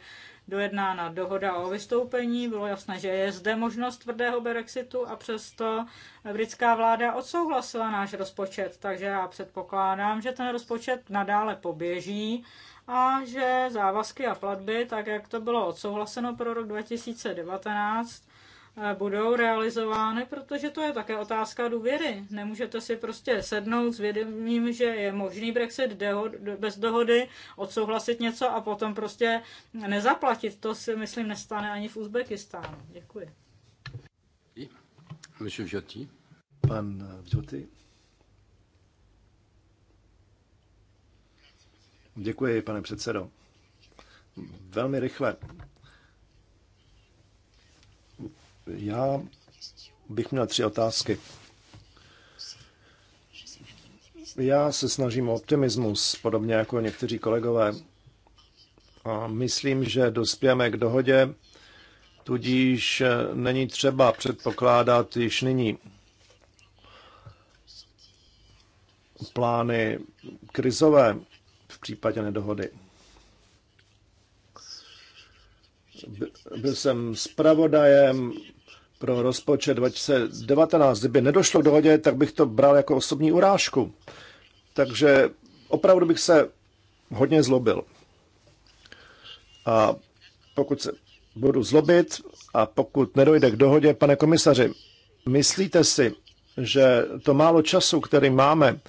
dojednána dohoda o vystoupení. Bylo jasné, že je zde možnost tvrdého Brexitu a přesto britská vláda odsouhlasila náš rozpočet, takže já předpokládám, že ten rozpočet nadále poběží a že závazky a platby, tak jak to bylo odsouhlaseno pro rok 2019, budou realizovány, protože to je také otázka důvěry. Nemůžete si prostě sednout s vědomím, že je možný Brexit bez dohody, odsouhlasit něco a potom prostě nezaplatit. To si myslím nestane ani v Uzbekistánu. Děkuji. Monsieur Viotti. Pan eh, Viotti. Děkuji, pane předsedo. Velmi rychle já bych měl tři otázky. Já se snažím o optimismus, podobně jako někteří kolegové. A myslím, že dospějeme k dohodě, tudíž není třeba předpokládat již nyní plány krizové v případě nedohody. Byl jsem zpravodajem pro rozpočet 2019. Kdyby nedošlo k dohodě, tak bych to bral jako osobní urážku. Takže opravdu bych se hodně zlobil. A pokud se budu zlobit a pokud nedojde k dohodě, pane komisaři, myslíte si, že to málo času, který máme,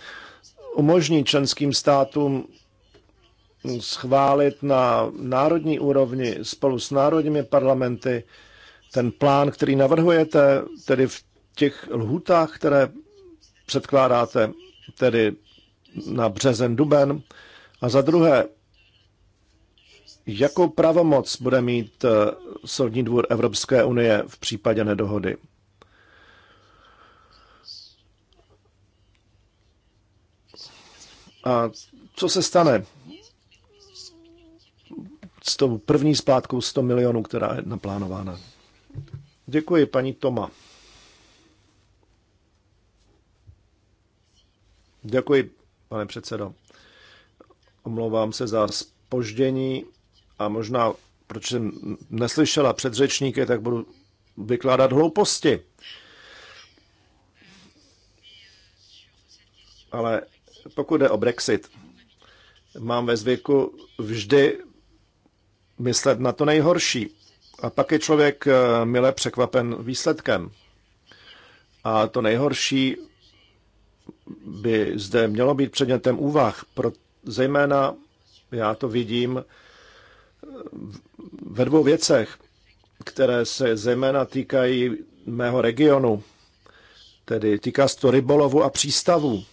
umožní členským státům schválit na národní úrovni spolu s národními parlamenty ten plán, který navrhujete, tedy v těch lhutách, které předkládáte, tedy na březen, duben. A za druhé, jakou pravomoc bude mít eh, Soudní dvůr Evropské unie v případě nedohody? A co se stane, s tou první splátkou 100 milionů, která je naplánována. Děkuji, paní Toma. Děkuji, pane předsedo. Omlouvám se za spoždění a možná, proč jsem neslyšela předřečníky, tak budu vykládat hlouposti. Ale pokud jde o Brexit, mám ve zvyku vždy myslet na to nejhorší. A pak je člověk eh, mile překvapen výsledkem. A to nejhorší by zde mělo být předmětem úvah. Pro, zejména já to vidím eh, ve dvou věcech, které se zejména týkají mého regionu. Tedy týká se to rybolovu a přístavu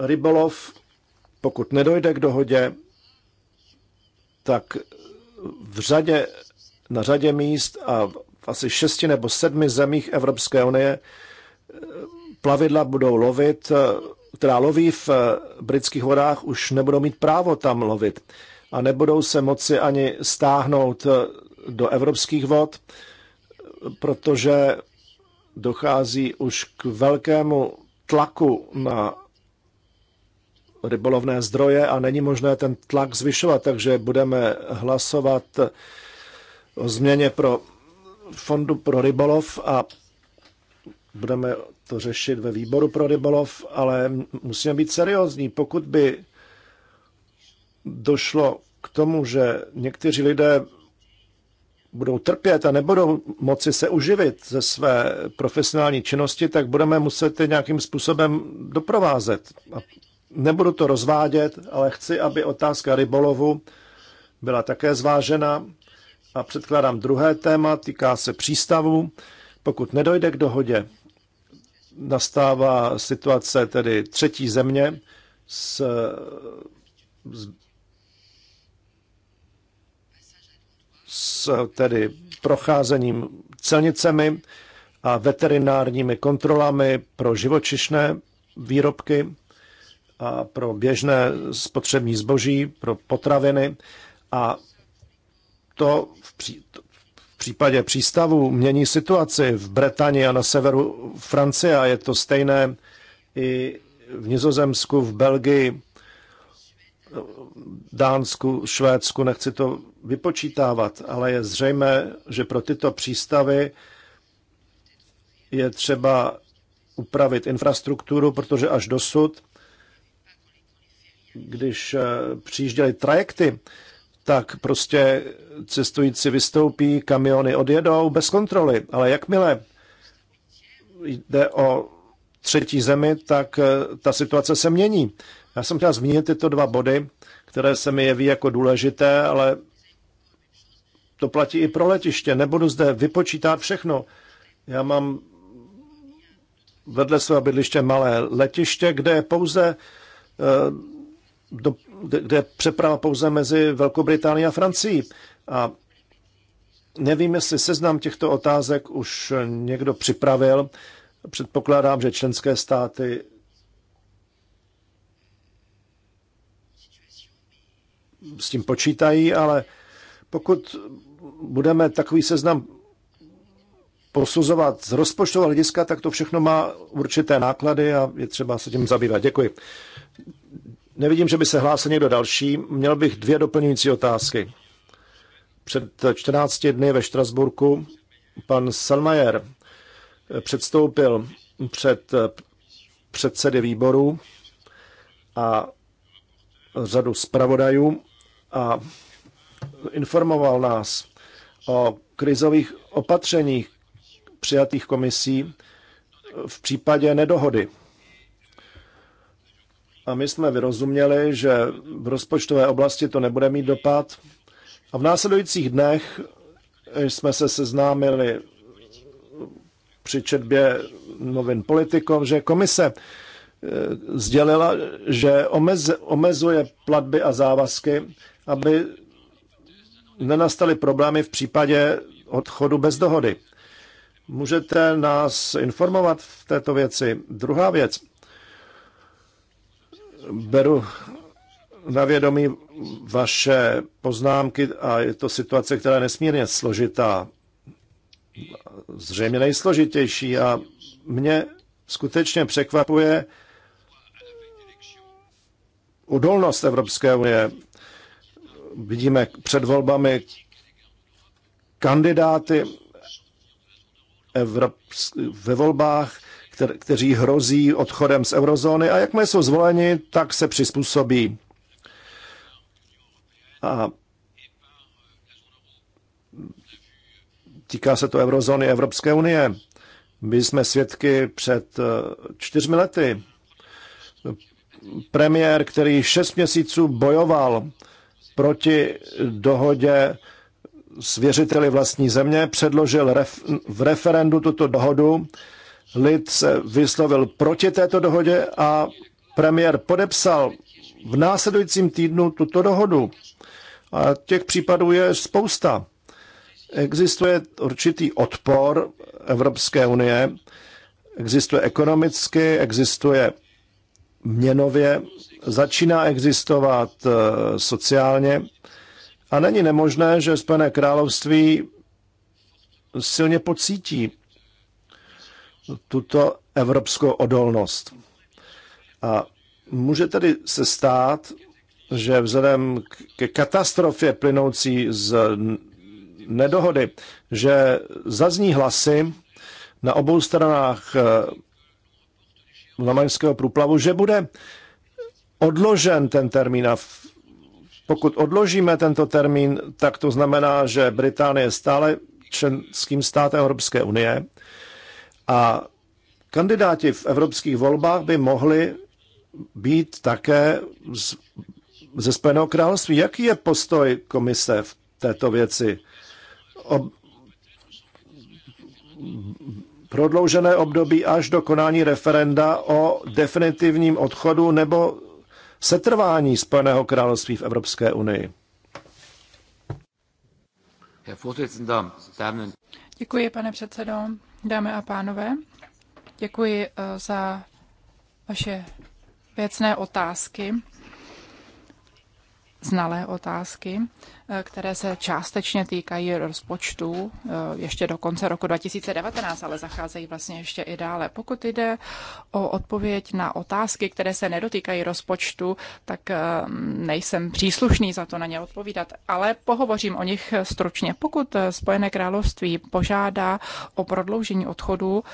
Rybolov, pokud nedojde k dohodě, tak v řadě, na řadě míst a v asi šesti nebo sedmi zemích Evropské unie eh, plavidla budou lovit, eh, která loví v eh, britských vodách, už nebudou mít právo tam lovit a nebudou se moci ani stáhnout do evropských vod, protože dochází už k velkému tlaku na rybolovné zdroje a není možné ten tlak zvyšovat, takže budeme hlasovat o změně pro fondu pro rybolov a budeme to řešit ve výboru pro rybolov, ale musíme být seriózní. Pokud by došlo k tomu, že někteří lidé budou trpět a nebudou moci se uživit ze své profesionální činnosti, tak budeme muset je nějakým způsobem doprovázet. A Nebudu to rozvádět, ale chci, aby otázka rybolovu byla také zvážena a předkládám druhé téma, týká se přístavu. Pokud nedojde k dohodě, nastává situace tedy třetí země s, s, s tedy procházením celnicemi a veterinárními kontrolami pro živočišné výrobky a pro běžné spotřební zboží, pro potraviny a to v, pří, v případě přístavu mění situaci v Británii a na severu Francie a je to stejné i v Nizozemsku, v Belgii, Dánsku, Švédsku, nechci to vypočítávat, ale je zřejmé, že pro tyto přístavy je třeba upravit infrastrukturu, protože až dosud když eh, přijížděly trajekty, tak prostě cestující vystoupí, kamiony odjedou bez kontroly. Ale jakmile jde o třetí zemi, tak eh, ta situace se mění. Já jsem chtěl zmínit tyto dva body, které se mi jeví jako důležité, ale to platí i pro letiště. Nebudu zde vypočítat všechno. Já mám vedle svého bydliště malé letiště, kde je pouze eh, do, kde je přeprava pouze mezi Velkou Británií a Francií. A nevím, jestli seznam těchto otázek už někdo připravil. Předpokládám, že členské státy s tím počítají, ale pokud budeme takový seznam posuzovat z rozpočtového hlediska, tak to všechno má určité náklady a je třeba se tím zabývat. Děkuji. Nevidím, že by se hlásil někdo další. Měl bych dvě doplňující otázky. Před 14 dny ve Štrasburku pan Selmayer eh, předstoupil před eh, předsedy výboru a řadu zpravodajů a informoval nás o krizových opatřeních přijatých komisí v případě nedohody a my jsme vyrozuměli, že v rozpočtové oblasti to nebude mít dopad. A v následujících dnech jsme se seznámili při četbě novin politikom, že komise eh, sdělila, že omez, omezuje platby a závazky, aby nenastaly problémy v případě odchodu bez dohody. Můžete nás informovat v této věci? Druhá věc beru na vědomí vaše poznámky a je to situace, která je nesmírně složitá. Zřejmě nejsložitější a mě skutečně překvapuje udolnost Evropské unie. Vidíme před volbami kandidáty Evrop... ve volbách, kteří hrozí odchodem z eurozóny a jakmile jsou zvoleni, tak se přizpůsobí. A týká se to eurozóny Evropské unie. My jsme svědky před eh, čtyřmi lety. Premiér, který šest měsíců bojoval proti dohodě s věřiteli vlastní země, předložil ref, v referendu tuto dohodu Lid se vyslovil proti této dohodě a premiér podepsal v následujícím týdnu tuto dohodu. A těch případů je spousta. Existuje určitý odpor Evropské unie, existuje ekonomicky, existuje měnově, začíná existovat eh, sociálně a není nemožné, že Spojené království silně pocítí tuto evropskou odolnost. A může tedy se stát, že vzhledem ke katastrofě plynoucí z nedohody, že zazní hlasy na obou stranách Lamaňského eh, průplavu, že bude odložen ten termín a pokud odložíme tento termín, tak to znamená, že Británie je stále členským státem Evropské unie a kandidáti v evropských volbách by mohli být také z, ze Spojeného království. Jaký je postoj komise v této věci? Ob, prodloužené období až do konání referenda o definitivním odchodu nebo setrvání Spojeného království v Evropské unii. Děkuji, pane předsedo. Dámy a pánové, děkuji eh, za vaše věcné otázky znalé otázky, eh, které se částečně týkají rozpočtu eh, ještě do konce roku 2019, ale zacházejí vlastně ještě i dále. Pokud jde o odpověď na otázky, které se nedotýkají rozpočtu, tak eh, nejsem příslušný za to na ně odpovídat, ale pohovořím o nich stručně. Pokud Spojené království požádá o prodloužení odchodu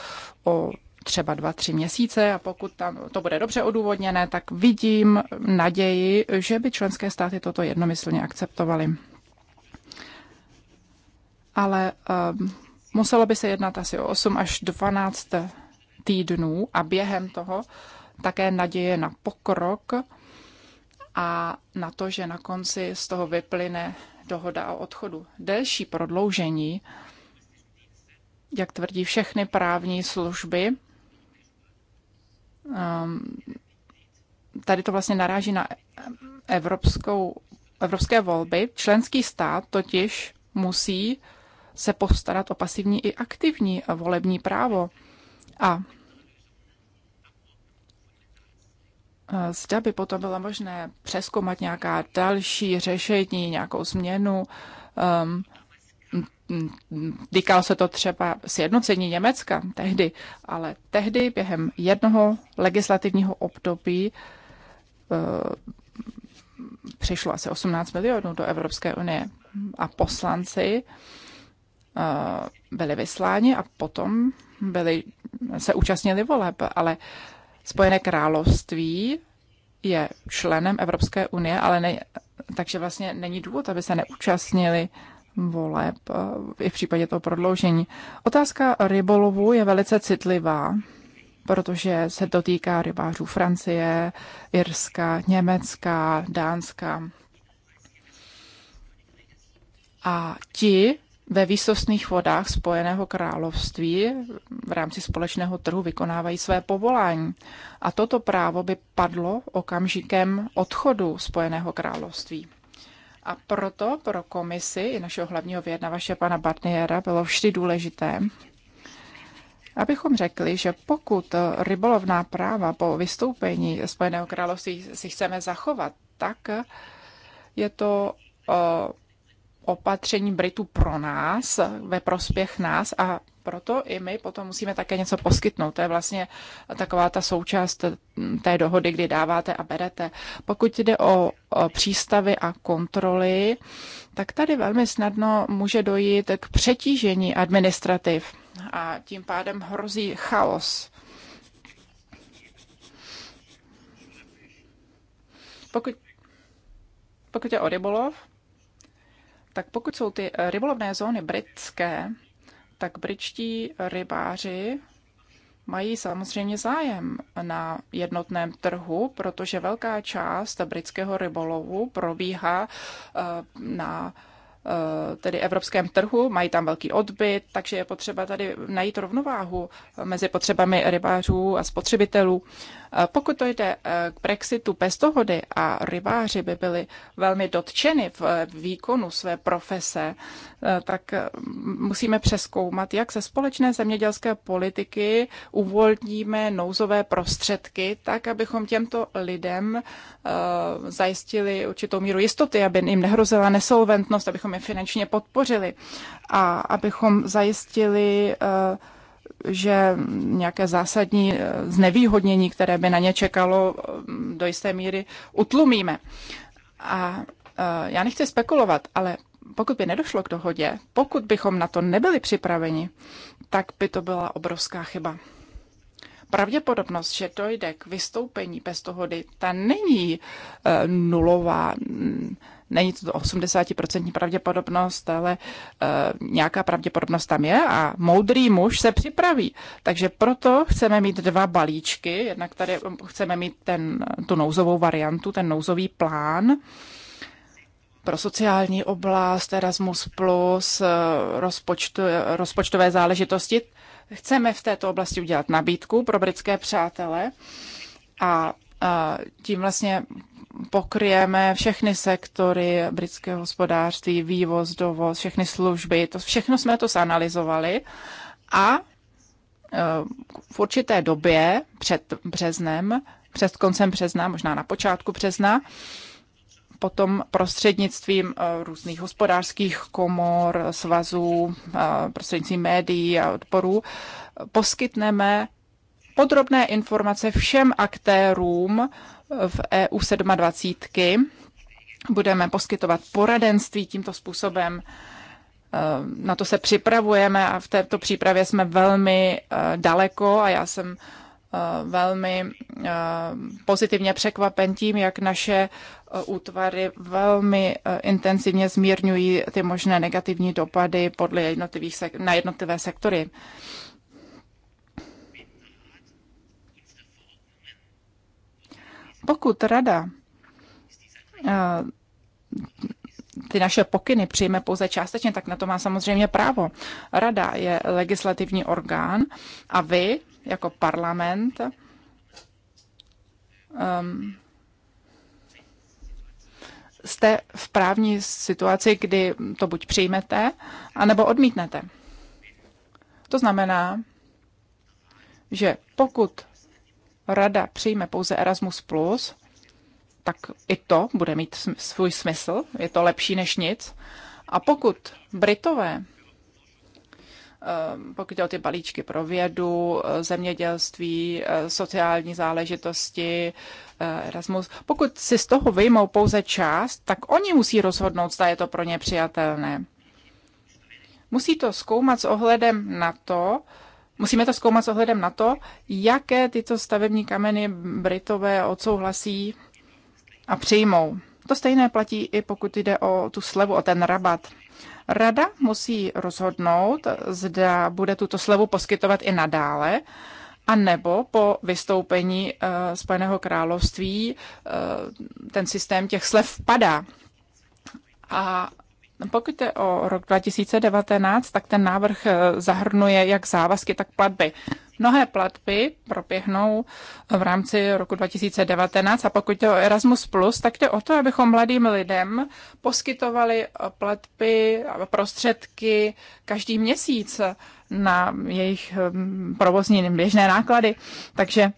o třeba dva, tři měsíce a pokud tam to bude dobře odůvodněné, tak vidím naději, že by členské státy toto jednomyslně akceptovaly. Ale um, muselo by se jednat asi o 8 až 12 týdnů a během toho také naděje na pokrok a na to, že na konci z toho vyplyne dohoda o odchodu. Delší prodloužení, jak tvrdí všechny právní služby, Ehm, tady to vlastně naráží na evropskou, evropské volby. Členský stát totiž musí se postarat o pasivní i aktivní volební právo. A e, zda by potom bylo možné přeskoumat nějaká další řešení, nějakou změnu um, týkalo se to třeba sjednocení Německa tehdy, ale tehdy během jednoho legislativního období eh, přišlo asi 18 milionů do Evropské unie a poslanci eh, byli vysláni a potom byli, se účastnili voleb, ale Spojené království je členem Evropské unie, ale ne, takže vlastně není důvod, aby se neúčastnili uh, voleb eh, i v případě toho prodloužení. Otázka rybolovu je velice citlivá, protože se dotýká rybářů Francie, Irska, Německa, Dánska. A ti ve výsostných vodách Spojeného království v rámci společného trhu vykonávají své povolání. A toto právo by padlo okamžikem odchodu Spojeného království. A proto pro komisi i našeho hlavního vyjednavače pana Barniera bylo vždy důležité, abychom řekli, že pokud rybolovná práva po vystoupení Spojeného království si chceme zachovat, tak je to eh, opatření Britů pro nás, ve prospěch nás a proto i my potom musíme také něco poskytnout. To je vlastně taková ta součást té dohody, kdy dáváte a berete. Pokud jde o, přístavy a kontroly, tak tady velmi snadno může dojít k přetížení administrativ a tím pádem hrozí chaos. Pokud, pokud je o rybolov, tak pokud jsou ty rybolovné zóny britské, tak britští rybáři mají samozřejmě zájem na jednotném trhu, protože velká část britského rybolovu probíhá eh, na eh, tedy evropském trhu, mají tam velký odbyt, takže je potřeba tady najít rovnováhu mezi potřebami rybářů a spotřebitelů. Pokud to jde eh, k Brexitu bez dohody a rybáři by byli velmi dotčeni v eh, výkonu své profese, eh, tak musíme přeskoumat, jak se společné zemědělské politiky uvolníme nouzové prostředky, tak abychom těmto lidem zajistili určitou míru jistoty, aby jim nehrozila nesolventnost, abychom je finančně podpořili a abychom zajistili uh, že nějaké zásadní eh, znevýhodnění, které by na ně čekalo, eh, do jisté míry utlumíme. A eh, já nechci spekulovat, ale pokud by nedošlo k dohodě, pokud bychom na to nebyli připraveni, tak by to byla obrovská chyba. Pravděpodobnost, že dojde k vystoupení bez dohody, ta není nulová. Není to 80% pravděpodobnost, ale uh, nějaká pravděpodobnost tam je a moudrý muž se připraví. Takže proto chceme mít dva balíčky. Jednak tady eh, chceme mít ten, tu nouzovou variantu, ten nouzový plán pro sociální oblast, Erasmus+, plus, eh, rozpočtu, rozpočtové záležitosti. Chceme v této oblasti udělat nabídku pro britské přátele a tím vlastně pokryjeme všechny sektory britského hospodářství, vývoz, dovoz, všechny služby, to všechno jsme to zanalizovali a e, v určité době před březnem, před koncem března, možná na počátku března, potom prostřednictvím e, různých hospodářských komor, svazů, e, prostřednictvím médií a odporů, poskytneme podrobné informace všem aktérům v EU 27. Budeme poskytovat poradenství tímto způsobem. Eh, na to se připravujeme a v této přípravě jsme velmi eh, daleko a já jsem eh, velmi pozitivně překvapen tím, jak naše útvary velmi intenzivně zmírňují ty možné negativní dopady podle jednotlivých, na jednotlivé sektory. Pokud rada eh, ty naše pokyny přijme pouze částečně, tak na to má samozřejmě právo. Rada je legislativní orgán a vy, jako parlament, um, jste v právní situaci, kdy to buď přijmete, anebo odmítnete. To znamená, že pokud rada přijme pouze Erasmus+, tak i to bude mít svůj smysl, je to lepší než nic. A pokud Britové, eh, pokud jde o ty balíčky pro vědu, eh, zemědělství, eh, sociální záležitosti, Erasmus, pokud si z toho vyjmou pouze část, tak oni musí rozhodnout, zda je to pro ně přijatelné. Musí to zkoumat s ohledem na to, Musíme to zkoumat s ohledem na to, jaké tyto stavební kameny Britové odsouhlasí a přijmou. To stejné platí i pokud jde o tu slevu, o ten rabat. Rada musí rozhodnout, zda bude tuto slevu poskytovat i nadále, a nebo po vystoupení uh, Spojeného království uh, ten systém těch slev padá. A No, pokud je o rok 2019, tak ten návrh eh, zahrnuje jak závazky, tak platby. Mnohé platby proběhnou eh, v rámci roku 2019 a pokud je o Erasmus+, tak jde o to, abychom mladým lidem poskytovali eh, platby a prostředky každý měsíc na jejich provozní běžné náklady. Takže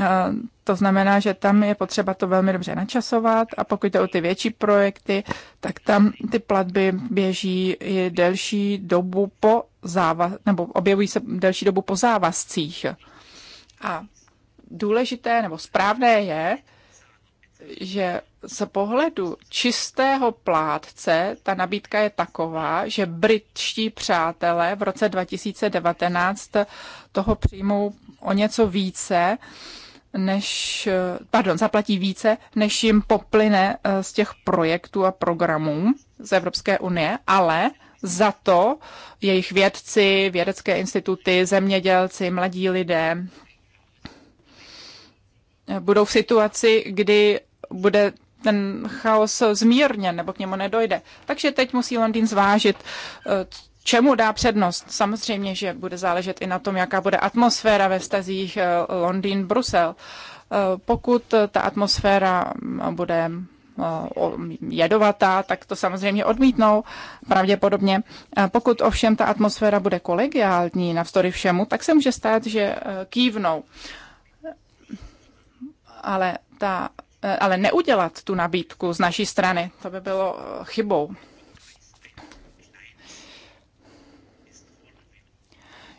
Eh, to znamená, že tam je potřeba to velmi dobře načasovat a pokud jde o ty větší projekty, tak tam ty platby běží i delší dobu po závaz, nebo objevují se delší dobu po závazcích. A důležité nebo správné je, že z pohledu čistého plátce ta nabídka je taková, že britští přátelé v roce 2019 toho přijmou o něco více, než, pardon, zaplatí více, než jim poplyne eh, z těch projektů a programů z Evropské unie, ale za to jejich vědci, vědecké instituty, zemědělci, mladí lidé eh, budou v situaci, kdy bude ten chaos zmírněn nebo k němu nedojde. Takže teď musí Londýn zvážit, eh, čemu dá přednost. Samozřejmě, že bude záležet i na tom, jaká bude atmosféra ve vztazích eh, Londýn-Brusel. Eh, pokud ta atmosféra eh, bude jedovatá, tak to samozřejmě odmítnou pravděpodobně. Pokud ovšem ta atmosféra bude kolegiální navzdory všemu, tak se může stát, že kývnou. Ale, ta, ale neudělat tu nabídku z naší strany, to by bylo chybou.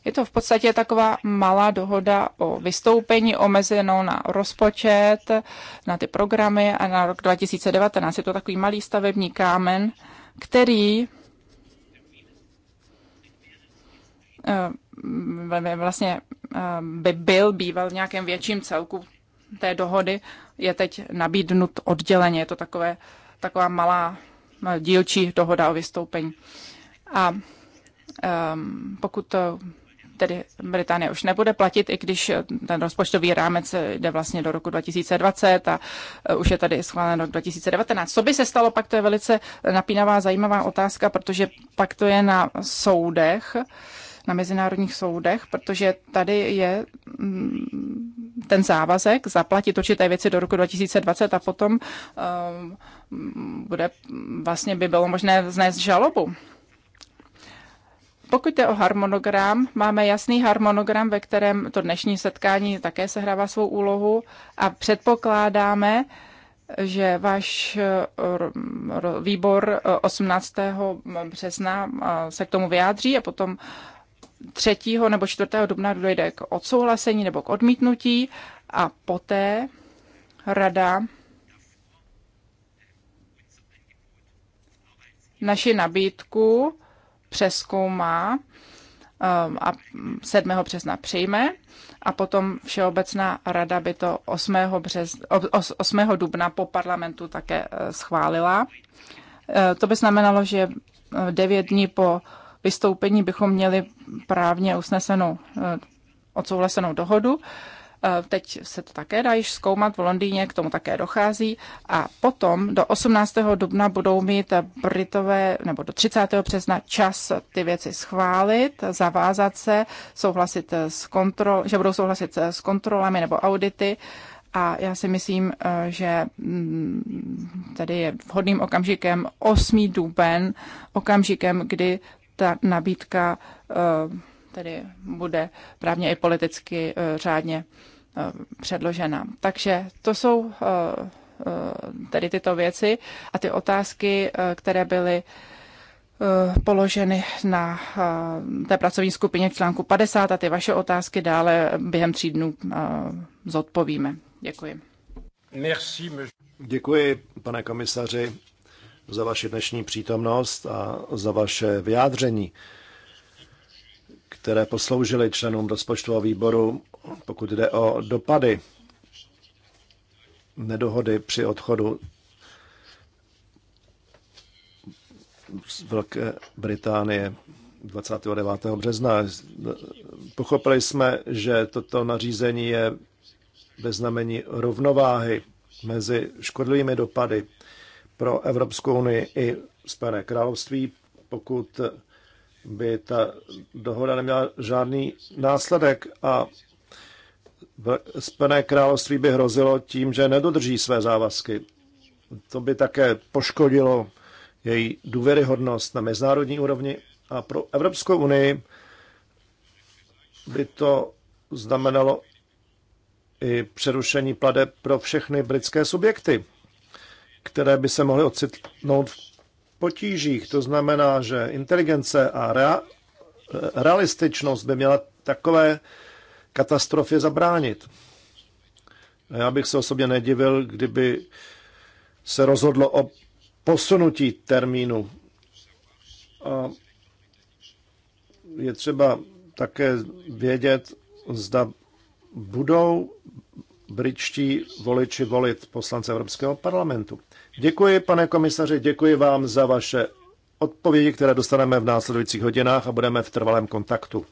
Je to v podstatě taková malá dohoda o vystoupení omezenou na rozpočet, na ty programy a na rok 2019. Je to takový malý stavební kámen, který eh, vlastně eh, by byl býval v nějakém větším celku té dohody, je teď nabídnut odděleně. Je to takové, taková malá dílčí dohoda o vystoupení. A um, pokud tedy Británie už nebude platit, i když ten rozpočtový rámec jde vlastně do roku 2020 a e, už je tady schválen rok 2019. Co by se stalo, pak to je velice napínavá, zajímavá otázka, protože pak to je na soudech, na mezinárodních soudech, protože tady je mm, ten závazek zaplatit určité věci do roku 2020 a potom um, bude, vlastně by bylo možné znést žalobu. Pokud jde o harmonogram, máme jasný harmonogram, ve kterém to dnešní setkání také sehrává svou úlohu a předpokládáme, že váš eh, výbor 18. Eh, března eh, se k tomu vyjádří a potom 3. nebo 4. dubna dojde k odsouhlasení nebo k odmítnutí a poté rada naši nabídku přeskoumá um, a 7. března přijme a potom Všeobecná rada by to 8. Břez, 8. dubna po parlamentu také eh, schválila. Eh, to by znamenalo, že 9 eh, dní po vystoupení bychom měli právně usnesenou odsouhlasenou dohodu Eh, teď se to také dá již zkoumat v Londýně, k tomu také dochází. A potom do 18. dubna budou mít Britové, nebo do 30. března čas ty věci schválit, zavázat se, souhlasit s kontrol, že budou souhlasit s kontrolami nebo audity. A já si myslím, eh, že mm, tady je vhodným okamžikem 8. duben, okamžikem, kdy ta nabídka eh, tedy bude právně i politicky eh, řádně eh, předložena. Takže to jsou eh, tedy tyto věci a ty otázky, které byly položeny na té pracovní skupině v článku 50 a ty vaše otázky dále během tří dnů zodpovíme. Děkuji. Merci, Děkuji, pane komisaři, za vaši dnešní přítomnost a za vaše vyjádření které posloužily členům rozpočtového výboru, pokud jde o dopady nedohody při odchodu z Velké Británie 29. března. Pochopili jsme, že toto nařízení je ve znamení rovnováhy mezi škodlivými dopady pro Evropskou unii i Spojené království, pokud by ta dohoda neměla žádný následek a Spené království by hrozilo tím, že nedodrží své závazky. To by také poškodilo její důvěryhodnost na mezinárodní úrovni a pro Evropskou unii by to znamenalo i přerušení plade pro všechny britské subjekty, které by se mohly ocitnout v potížích. To znamená, že inteligence a rea- realističnost by měla takové katastrofě zabránit. Já bych se osobně nedivil, kdyby se rozhodlo o posunutí termínu. A je třeba také vědět, zda budou britští voliči volit poslance Evropského parlamentu. Děkuji, pane komisaři, děkuji vám za vaše odpovědi, které dostaneme v následujících hodinách a budeme v trvalém kontaktu.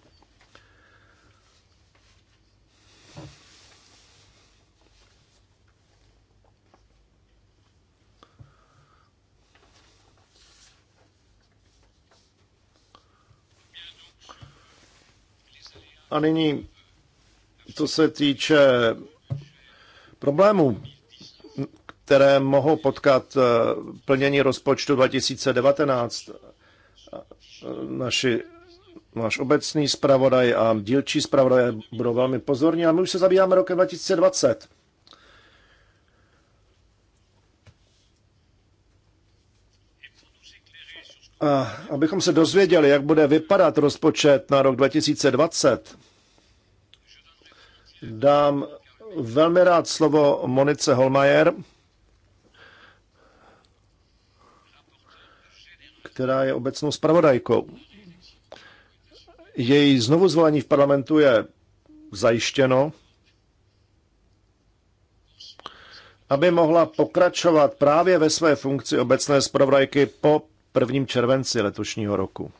A nyní, co se týče problémů které mohou potkat eh, plnění rozpočtu 2019. Naši, náš obecný zpravodaj a dílčí zpravodaj budou velmi pozorní a my už se zabýváme rokem 2020. A abychom se dozvěděli, jak bude vypadat rozpočet na rok 2020, dám velmi rád slovo Monice Holmajer. která je obecnou spravodajkou. Její znovu zvolení v parlamentu je zajištěno, aby mohla pokračovat právě ve své funkci obecné spravodajky po 1. červenci letošního roku.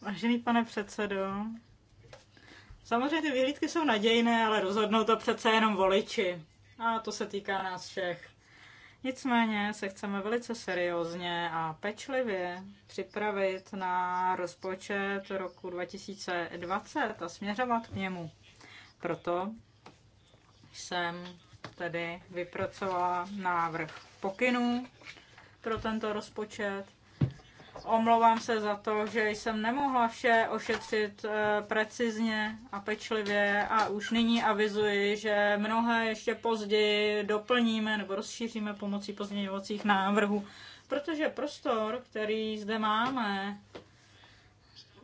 Vážený pane předsedo, samozřejmě ty vyhlídky jsou nadějné, ale rozhodnou to přece jenom voliči. A to se týká nás všech. Nicméně se chceme velice seriózně a pečlivě připravit na rozpočet roku 2020 a směřovat k němu. Proto jsem tedy vypracovala návrh pokynů pro tento rozpočet Omlouvám se za to, že jsem nemohla vše ošetřit eh, precizně a pečlivě a už nyní avizuji, že mnohé ještě později doplníme nebo rozšíříme pomocí pozměňovacích návrhů, protože prostor, který zde máme,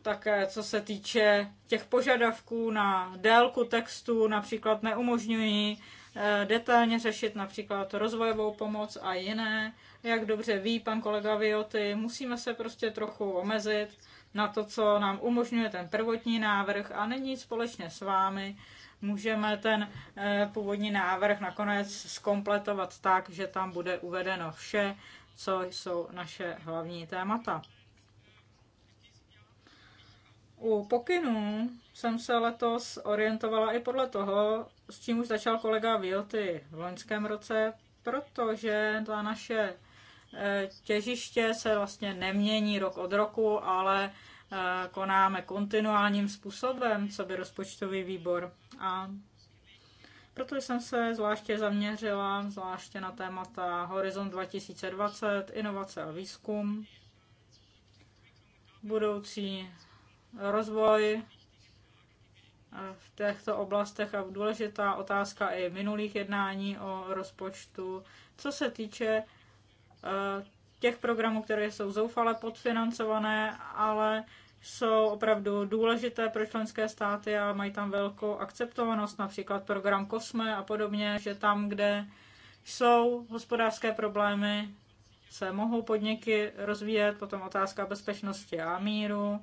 také co se týče těch požadavků na délku textu, například neumožňují Eh, detailně řešit například rozvojovou pomoc a jiné. Jak dobře ví pan kolega Vioty, musíme se prostě trochu omezit na to, co nám umožňuje ten prvotní návrh a není společně s vámi můžeme ten eh, původní návrh nakonec skompletovat tak, že tam bude uvedeno vše, co jsou naše hlavní témata. U pokynů jsem se letos orientovala i podle toho, s čím už začal kolega Vilty v loňském roce, protože ta naše eh, těžiště se vlastně nemění rok od roku, ale eh, konáme kontinuálním způsobem, co by rozpočtový výbor. A proto jsem se zvláště zaměřila zvláště na témata Horizon 2020, inovace a výzkum, budoucí rozvoj v těchto oblastech a důležitá otázka i minulých jednání o rozpočtu. Co se týče eh, těch programů, které jsou zoufale podfinancované, ale jsou opravdu důležité pro členské státy a mají tam velkou akceptovanost, například program Kosme a podobně, že tam, kde jsou hospodářské problémy, se mohou podniky rozvíjet, potom otázka bezpečnosti a míru,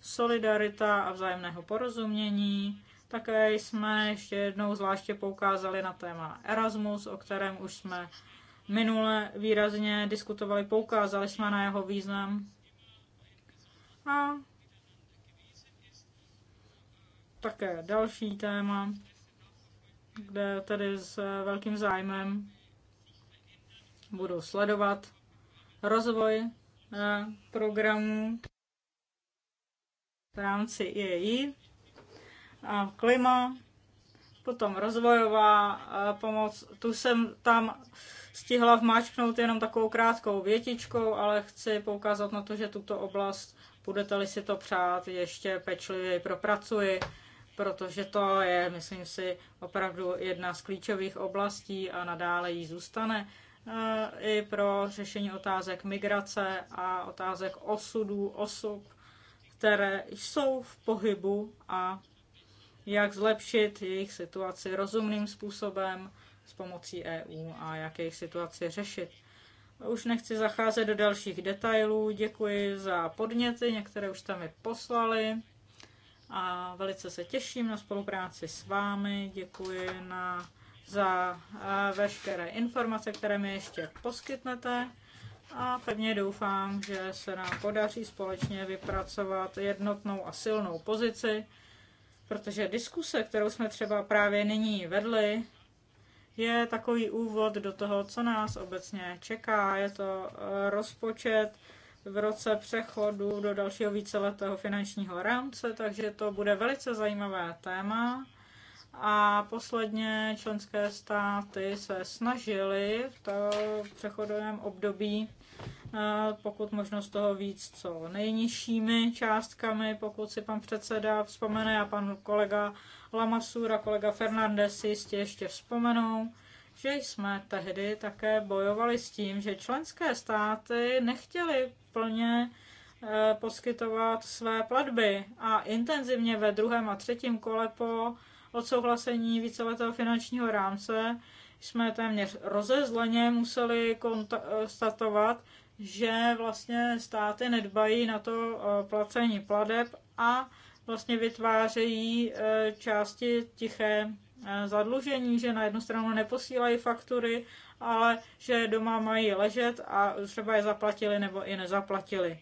solidarita a vzájemného porozumění. Také jsme ještě jednou zvláště poukázali na téma Erasmus, o kterém už jsme minule výrazně diskutovali, poukázali jsme na jeho význam. A také další téma, kde tedy s velkým zájmem budu sledovat rozvoj eh, programů rámci IEI a klima, potom rozvojová pomoc. Tu jsem tam stihla vmáčknout jenom takovou krátkou větičkou, ale chci poukázat na to, že tuto oblast, budete-li si to přát, ještě pečlivěji propracuji, protože to je, myslím si, opravdu jedna z klíčových oblastí a nadále jí zůstane e, i pro řešení otázek migrace a otázek osudů osob které jsou v pohybu a jak zlepšit jejich situaci rozumným způsobem s pomocí EU a jak jejich situaci řešit. Už nechci zacházet do dalších detailů. Děkuji za podněty, některé už tam mi poslali a velice se těším na spolupráci s vámi. Děkuji na, za eh, veškeré informace, které mi ještě poskytnete a pevně doufám, že se nám podaří společně vypracovat jednotnou a silnou pozici, protože diskuse, kterou jsme třeba právě nyní vedli, je takový úvod do toho, co nás obecně čeká. Je to eh, rozpočet v roce přechodu do dalšího víceletého finančního rámce, takže to bude velice zajímavé téma. A posledně členské státy se snažily v tom přechodovém období pokud možno z toho víc co nejnižšími částkami, pokud si pan předseda vzpomene a pan kolega Lamasur a kolega Fernandez si jistě ještě vzpomenou, že jsme tehdy také bojovali s tím, že členské státy nechtěly plně eh, poskytovat své platby a intenzivně ve druhém a třetím kole po odsouhlasení víceletého finančního rámce jsme téměř rozezleně museli konstatovat, eh, že vlastně státy nedbají na to eh, placení pladeb a vlastně vytvářejí eh, části tiché eh, zadlužení, že na jednu stranu neposílají faktury, ale že doma mají ležet a třeba je zaplatili nebo i nezaplatili.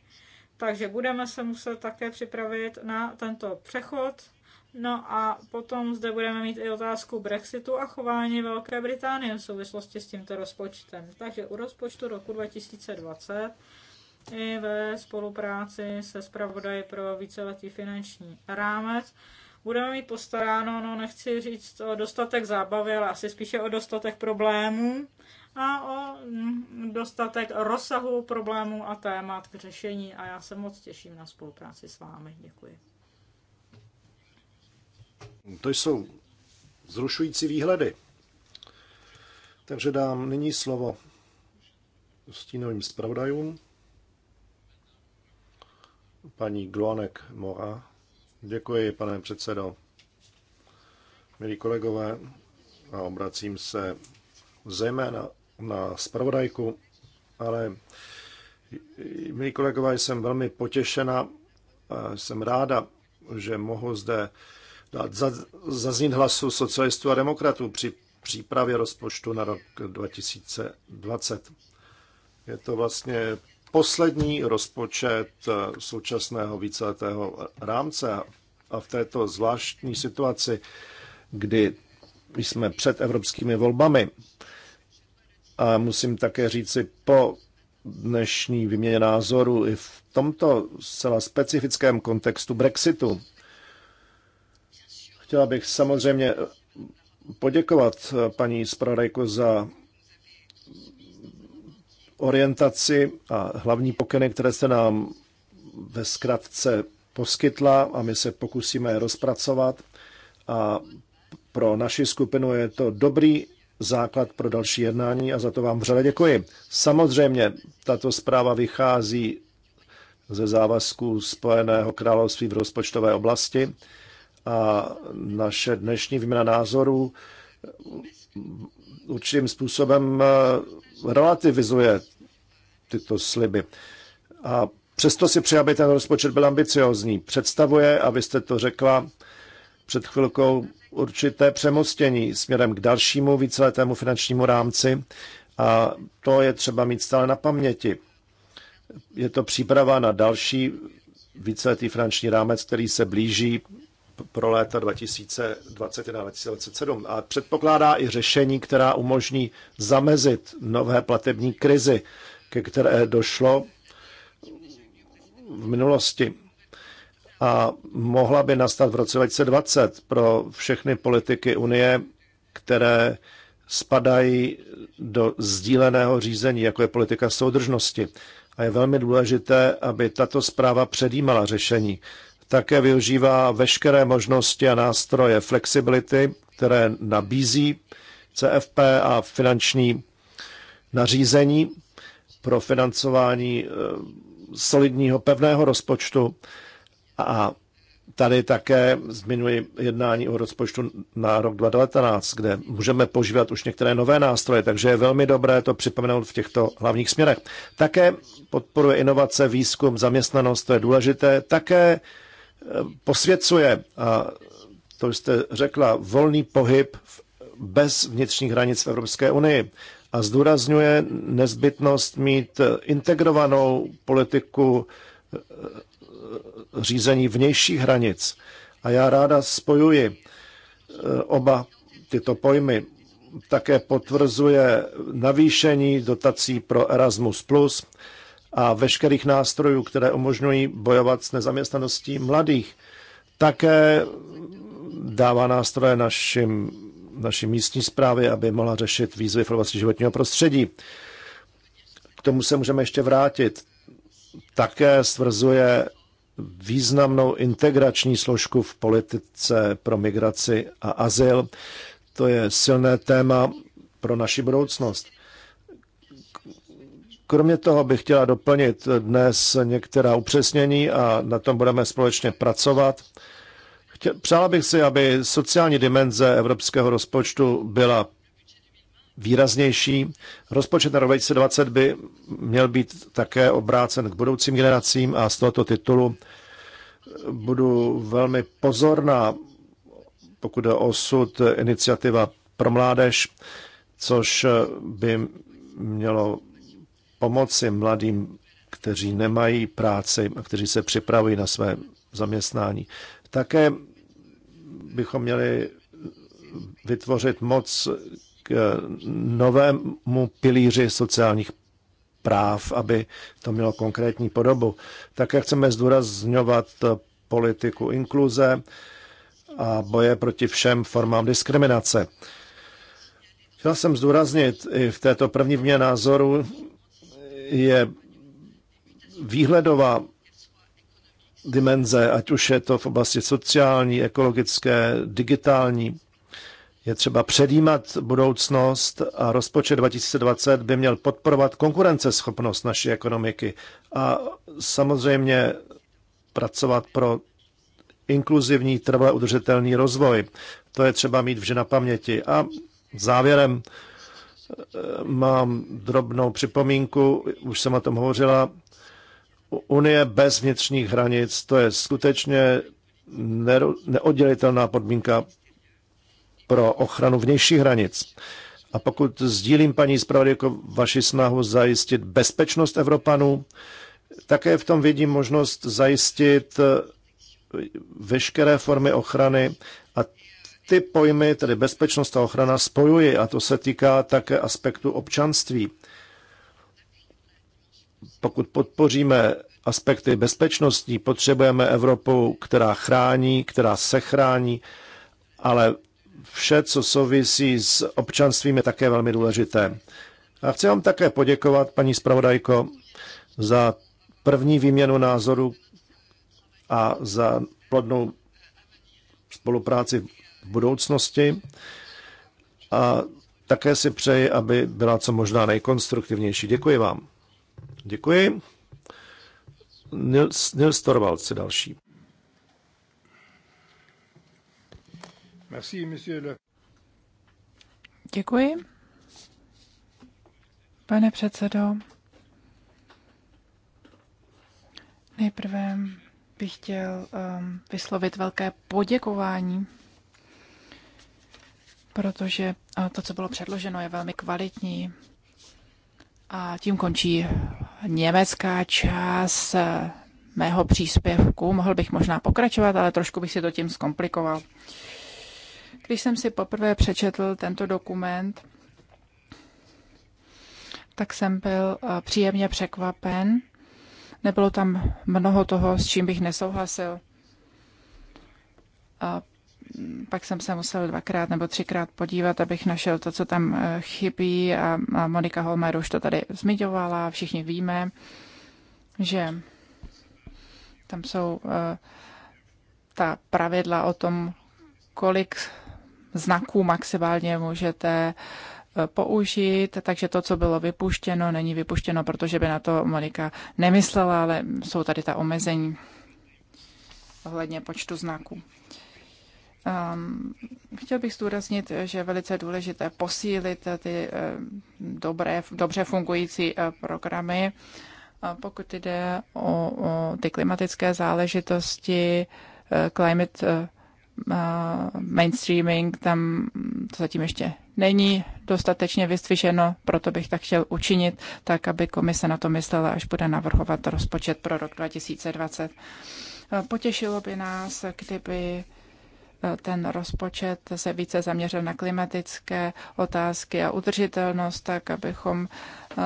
Takže budeme se muset také připravit na tento přechod No a potom zde budeme mít i otázku Brexitu a chování Velké Británie v souvislosti s tímto rozpočtem. Takže u rozpočtu roku 2020 i ve spolupráci se zpravodaji pro víceletý finanční rámec budeme mít postaráno, no nechci říct o dostatek zábavy, ale asi spíše o dostatek problémů a o mm, dostatek rozsahu problémů a témat k řešení a já se moc těším na spolupráci s vámi. Děkuji. To jsou zrušující výhledy. Takže dám nyní slovo stínovým zpravodajům. Paní Glonek Mora. Děkuji, pane předsedo. Milí kolegové, a obracím se zejména na zpravodajku, ale milí kolegové, jsem velmi potěšena, jsem ráda, že mohu zde zaznít hlasu socialistů a demokratů při přípravě rozpočtu na rok 2020. Je to vlastně poslední rozpočet eh, současného víceletého rámce a v této zvláštní situaci, kdy jsme před evropskými volbami a musím také říci po dnešní výměně názoru i v tomto zcela specifickém kontextu Brexitu, Chtěla bych samozřejmě poděkovat eh, paní Spravodajko za orientaci a hlavní pokyny, které se nám ve zkratce poskytla a my se pokusíme je rozpracovat. A pro naši skupinu je to dobrý základ pro další jednání a za to vám vřele děkuji. Samozřejmě tato zpráva vychází ze závazků Spojeného království v rozpočtové oblasti a naše dnešní výměna názorů určitým způsobem eh, relativizuje tyto sliby. A přesto si přeji, aby ten rozpočet byl ambiciozní. Představuje, a vy jste to řekla před chvilkou, určité přemostění směrem k dalšímu víceletému finančnímu rámci a to je třeba mít stále na paměti. Je to příprava na další víceletý finanční rámec, který se blíží pro léta 2021 a 2027 a předpokládá i řešení, která umožní zamezit nové platební krizi, ke které došlo v minulosti a mohla by nastat v roce 2020 pro všechny politiky Unie, které spadají do sdíleného řízení, jako je politika soudržnosti. A je velmi důležité, aby tato zpráva předjímala řešení také využívá veškeré možnosti a nástroje flexibility, které nabízí CFP a finanční nařízení pro financování eh, solidního pevného rozpočtu a tady také zmiňuji jednání o rozpočtu na rok 2019, kde můžeme požívat už některé nové nástroje, takže je velmi dobré to připomenout v těchto hlavních směrech. Také podporuje inovace, výzkum, zaměstnanost, to je důležité. Také posvěcuje, a to jste řekla, volný pohyb bez vnitřních hranic v Evropské unii a zdůrazňuje nezbytnost mít integrovanou politiku e, řízení vnějších hranic. A já ráda spojuji e, oba tyto pojmy. Také potvrzuje navýšení dotací pro Erasmus+, a veškerých nástrojů, které umožňují bojovat s nezaměstnaností mladých. Také dává nástroje našim, naší místní zprávě, aby mohla řešit výzvy v oblasti životního prostředí. K tomu se můžeme ještě vrátit. Také stvrzuje významnou integrační složku v politice pro migraci a azyl. To je silné téma pro naši budoucnost. Kromě toho bych chtěla doplnit dnes některá upřesnění a na tom budeme společně pracovat. Přála bych si, aby sociální dimenze evropského rozpočtu byla výraznější. Rozpočet na rok 2020 by měl být také obrácen k budoucím generacím a z tohoto titulu budu velmi pozorná, pokud je osud iniciativa pro mládež, což by mělo pomoci mladým, kteří nemají práci a kteří se připravují na své zaměstnání. Také bychom měli vytvořit moc k novému pilíři sociálních práv, aby to mělo konkrétní podobu. Také chceme zdůrazňovat politiku inkluze a boje proti všem formám diskriminace. Chtěl jsem zdůraznit i v této první vně názoru, je výhledová dimenze, ať už je to v oblasti sociální, ekologické, digitální. Je třeba předjímat budoucnost a rozpočet 2020 by měl podporovat konkurenceschopnost naší ekonomiky a samozřejmě pracovat pro inkluzivní, trvale udržitelný rozvoj. To je třeba mít vždy na paměti. A závěrem Mám drobnou připomínku, už jsem o tom hovořila. Unie bez vnitřních hranic, to je skutečně neoddělitelná podmínka pro ochranu vnějších hranic. A pokud sdílím, paní zpravodajko, vaši snahu zajistit bezpečnost Evropanů, také v tom vidím možnost zajistit veškeré formy ochrany ty pojmy, tedy bezpečnost a ochrana, spojuji a to se týká také aspektu občanství. Pokud podpoříme aspekty bezpečnosti, potřebujeme Evropu, která chrání, která se chrání, ale vše, co souvisí s občanstvím, je také velmi důležité. A chci vám také poděkovat, paní zpravodajko, za první výměnu názoru a za plodnou spolupráci v budoucnosti. A také si přeji, aby byla co možná nejkonstruktivnější. Děkuji vám. Děkuji. Nils, Nils si další. Merci, monsieur Děkuji. Pane předsedo, nejprve bych chtěl um, vyslovit velké poděkování protože to, co bylo předloženo, je velmi kvalitní. A tím končí německá část e, mého příspěvku. Mohl bych možná pokračovat, ale trošku bych si to tím zkomplikoval. Když jsem si poprvé přečetl tento dokument, tak jsem byl e, příjemně překvapen. Nebylo tam mnoho toho, s čím bych nesouhlasil. E, pak jsem se musel dvakrát nebo třikrát podívat, abych našel to, co tam eh, chybí a, Monika Holmer už to tady zmiňovala, všichni víme, že tam jsou eh, ta pravidla o tom, kolik znaků maximálně můžete eh, použít, takže to, co bylo vypuštěno, není vypuštěno, protože by na to Monika nemyslela, ale jsou tady ta omezení ohledně počtu znaků. Ehm, chtěl bych zdůraznit, že je velice důležité posílit eh, ty ehm, dobré, dobře fungující eh, programy. Pokud jde o, o ty klimatické záležitosti, eh, climate mainstreaming, tam to zatím ještě není dostatečně vystviženo, proto bych tak chtěl učinit, tak aby komise na to myslela, až bude navrhovat rozpočet pro rok 2020. Potěšilo by nás, kdyby Eh, ten rozpočet se více zaměřil na klimatické otázky a udržitelnost, tak abychom eh,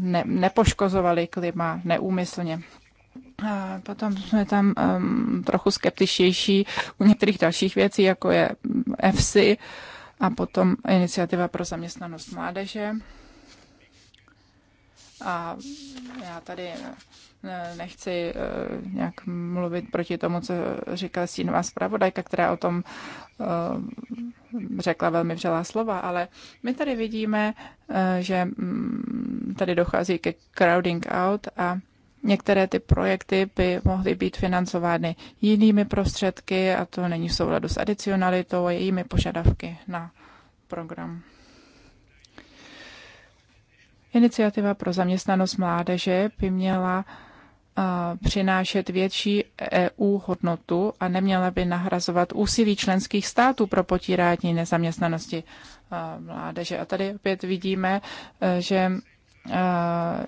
ne, nepoškozovali klima neúmyslně. A potom jsme tam um, trochu skeptičtější u některých dalších věcí, jako je EFSI mm, a potom iniciativa pro zaměstnanost mládeže. A já tady Eh, nechci eh, nějak mluvit proti tomu, co říkala stínová zpravodajka, která o tom eh, řekla velmi vřelá slova, ale my tady vidíme, že mm, tady dochází ke crowding out a Některé ty projekty by mohly být financovány jinými prostředky a to není v souladu s adicionalitou a jejími požadavky na program. Iniciativa pro zaměstnanost mládeže by měla přinášet větší EU hodnotu a neměla by nahrazovat úsilí členských států pro potírání nezaměstnanosti mládeže. A tady opět vidíme, e, že e,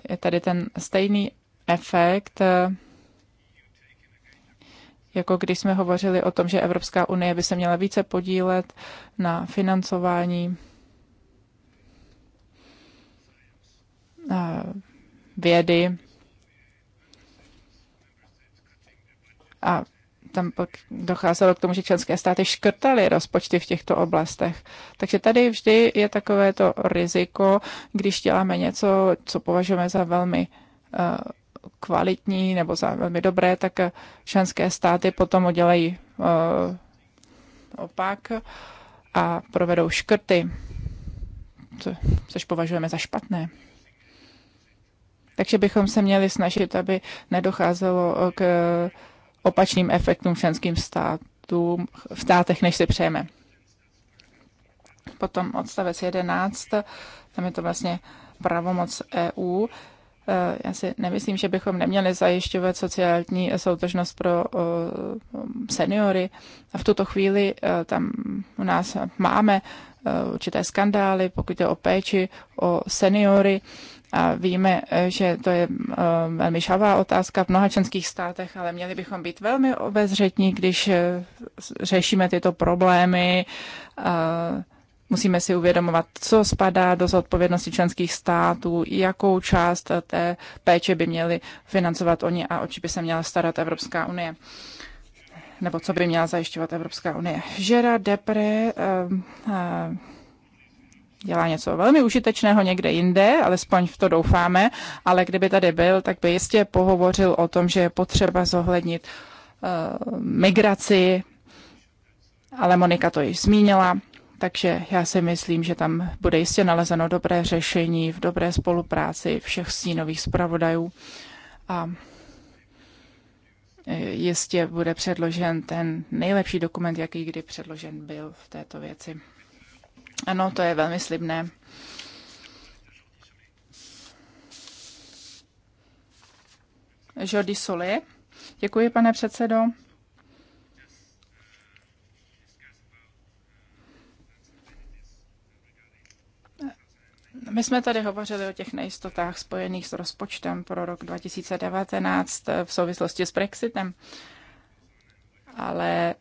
je tady ten stejný efekt, e, jako když jsme hovořili o tom, že Evropská unie by se měla více podílet na financování vědy a tam pak docházelo k tomu, že členské státy škrtaly rozpočty v těchto oblastech. Takže tady vždy je takové to riziko, když děláme něco, co považujeme za velmi eh, kvalitní nebo za velmi dobré, tak členské státy potom udělají eh, opak a provedou škrty, což považujeme za špatné. Takže bychom se měli snažit, aby nedocházelo eh, k opačným efektům členským státům, v státech, než si přejeme. Potom odstavec 11, tam je to vlastně pravomoc EU. E, já si nemyslím, že bychom neměli zajišťovat sociální soutožnost pro seniory. A v tuto chvíli e, tam u nás máme e, určité skandály, pokud je o péči, o seniory. A víme, eh, že to je eh, velmi šavá otázka v mnoha členských státech, ale měli bychom být velmi obezřetní, když eh, řešíme tyto problémy. Musíme si uvědomovat, co spadá do zodpovědnosti členských států, jakou část té péče by měli financovat oni a o by se měla starat Evropská unie nebo co by měla zajišťovat Evropská unie. Žera Depre dělá něco velmi užitečného někde jinde, alespoň v to doufáme, ale kdyby tady byl, tak by jistě pohovořil o tom, že je potřeba zohlednit uh, migraci, ale Monika to již zmínila, takže já si myslím, že tam bude jistě nalezeno dobré řešení v dobré spolupráci všech stínových zpravodajů a eh, jistě bude předložen ten nejlepší dokument, jaký kdy předložen byl v této věci. Ano, to je velmi slibné. Jordi Soli. Děkuji, pane předsedo. My jsme tady hovořili o těch nejistotách spojených s rozpočtem pro rok 2019 v souvislosti s Brexitem, ale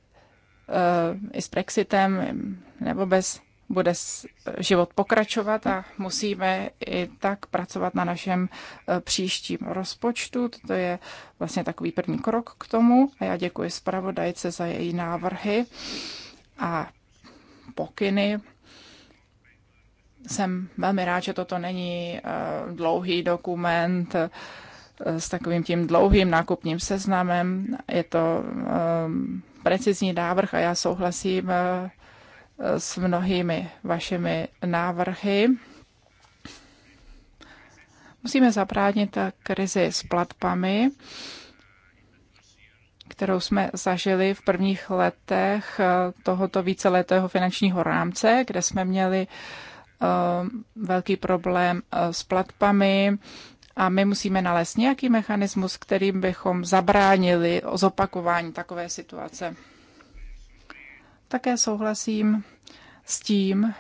uh, i s Brexitem nebo bez bude život pokračovat a musíme i tak pracovat na našem e, příštím rozpočtu. To je vlastně takový první krok k tomu a já děkuji zpravodajce za její návrhy a pokyny. Jsem velmi rád, že toto není e, dlouhý dokument e, s takovým tím dlouhým nákupním seznamem. Je to precizní návrh a já souhlasím Eh, s mnohými vašimi návrhy. Musíme zabránit krizi s platbami, kterou jsme zažili v prvních letech eh, tohoto víceletého finančního rámce, kde jsme měli eh, velký problém s platbami, a my musíme nalézt nějaký mechanismus, kterým bychom zabránili zopakování takové situace. Také souhlasím s tím,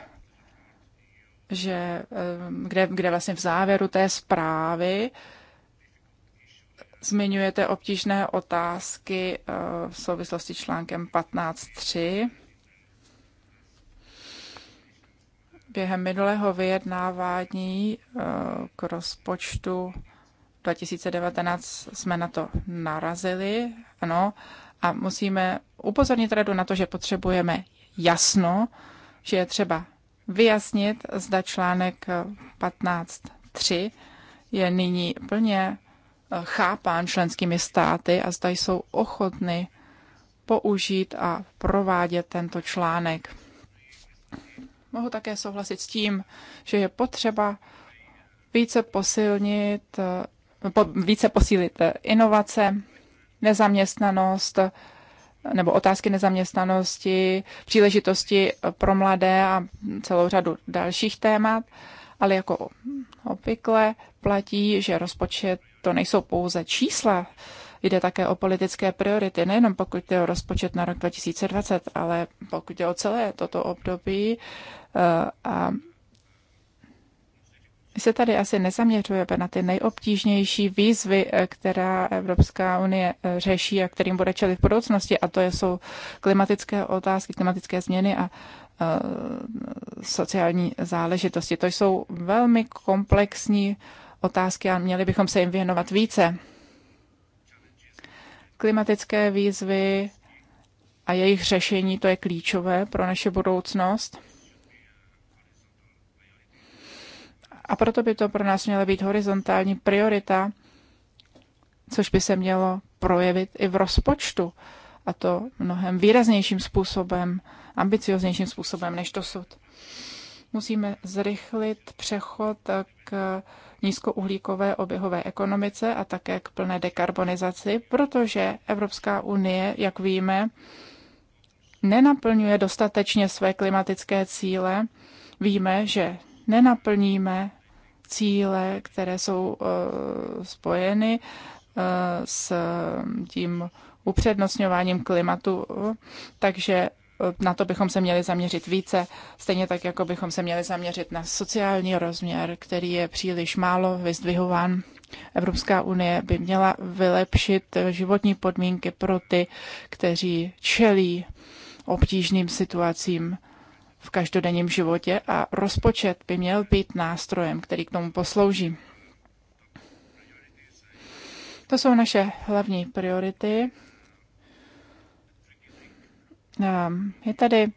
že eh, kde, kde vlastně v závěru té zprávy zmiňujete obtížné otázky eh, v souvislosti s článkem 15.3. Během minulého vyjednávání eh, k rozpočtu 2019 jsme na to narazili. Ano, a musíme upozornit radu na to, že potřebujeme jasno, že je třeba vyjasnit, zda článek 15.3 je nyní plně eh, chápán členskými státy a zda jsou ochotny použít a provádět tento článek. Mohu také souhlasit s tím, že je potřeba více posilnit, eh, více posílit eh, inovace nezaměstnanost nebo otázky nezaměstnanosti, příležitosti pro mladé a celou řadu dalších témat, ale jako obvykle platí, že rozpočet to nejsou pouze čísla, jde také o politické priority, nejenom pokud jde o rozpočet na rok 2020, ale pokud jde o celé toto období eh, a my se tady asi nezaměřujeme na ty nejobtížnější výzvy, eh, která Evropská unie eh, řeší a kterým bude čelit v budoucnosti, a to jsou klimatické otázky, klimatické změny a eh, sociální záležitosti. To jsou velmi komplexní otázky a měli bychom se jim věnovat více. Klimatické výzvy a jejich řešení, to je klíčové pro naše budoucnost. A proto by to pro nás měla být horizontální priorita, což by se mělo projevit i v rozpočtu. A to mnohem výraznějším způsobem, ambicioznějším způsobem než dosud. Musíme zrychlit přechod k nízkouhlíkové oběhové ekonomice a také k plné dekarbonizaci, protože Evropská unie, jak víme, nenaplňuje dostatečně své klimatické cíle. Víme, že nenaplníme cíle, které jsou eh, spojeny eh, s tím upřednostňováním klimatu, takže eh, na to bychom se měli zaměřit více, stejně tak, jako bychom se měli zaměřit na sociální rozměr, který je příliš málo vyzdvihován. Evropská unie by měla vylepšit životní podmínky pro ty, kteří čelí obtížným situacím v každodenním životě a rozpočet by měl být nástrojem, který k tomu poslouží. To jsou naše hlavní priority. Ehm, je tady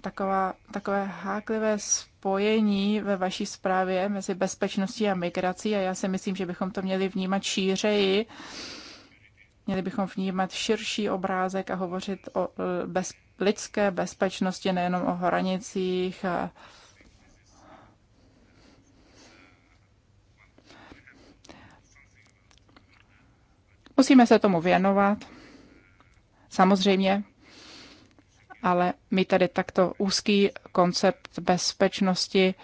taková, takové háklivé spojení ve vaší zprávě mezi bezpečností a migrací a já si myslím, že bychom to měli vnímat šířeji. Měli bychom vnímat širší obrázek a hovořit o e, bez, lidské bezpečnosti, nejenom o hranicích. Musíme se tomu věnovat, samozřejmě, ale my tady takto úzký koncept bezpečnosti,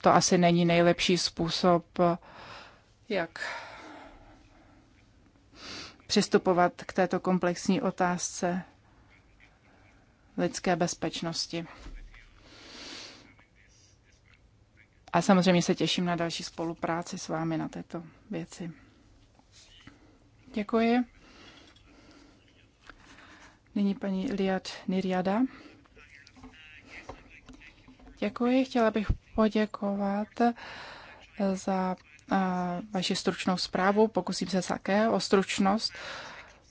to asi není nejlepší způsob, jak přistupovat k této komplexní otázce lidské bezpečnosti. A samozřejmě se těším na další spolupráci s vámi na této věci. Děkuji. Nyní paní Liad Niriada. Děkuji. Chtěla bych poděkovat eh, za eh, vaši stručnou zprávu. Pokusím se také o stručnost.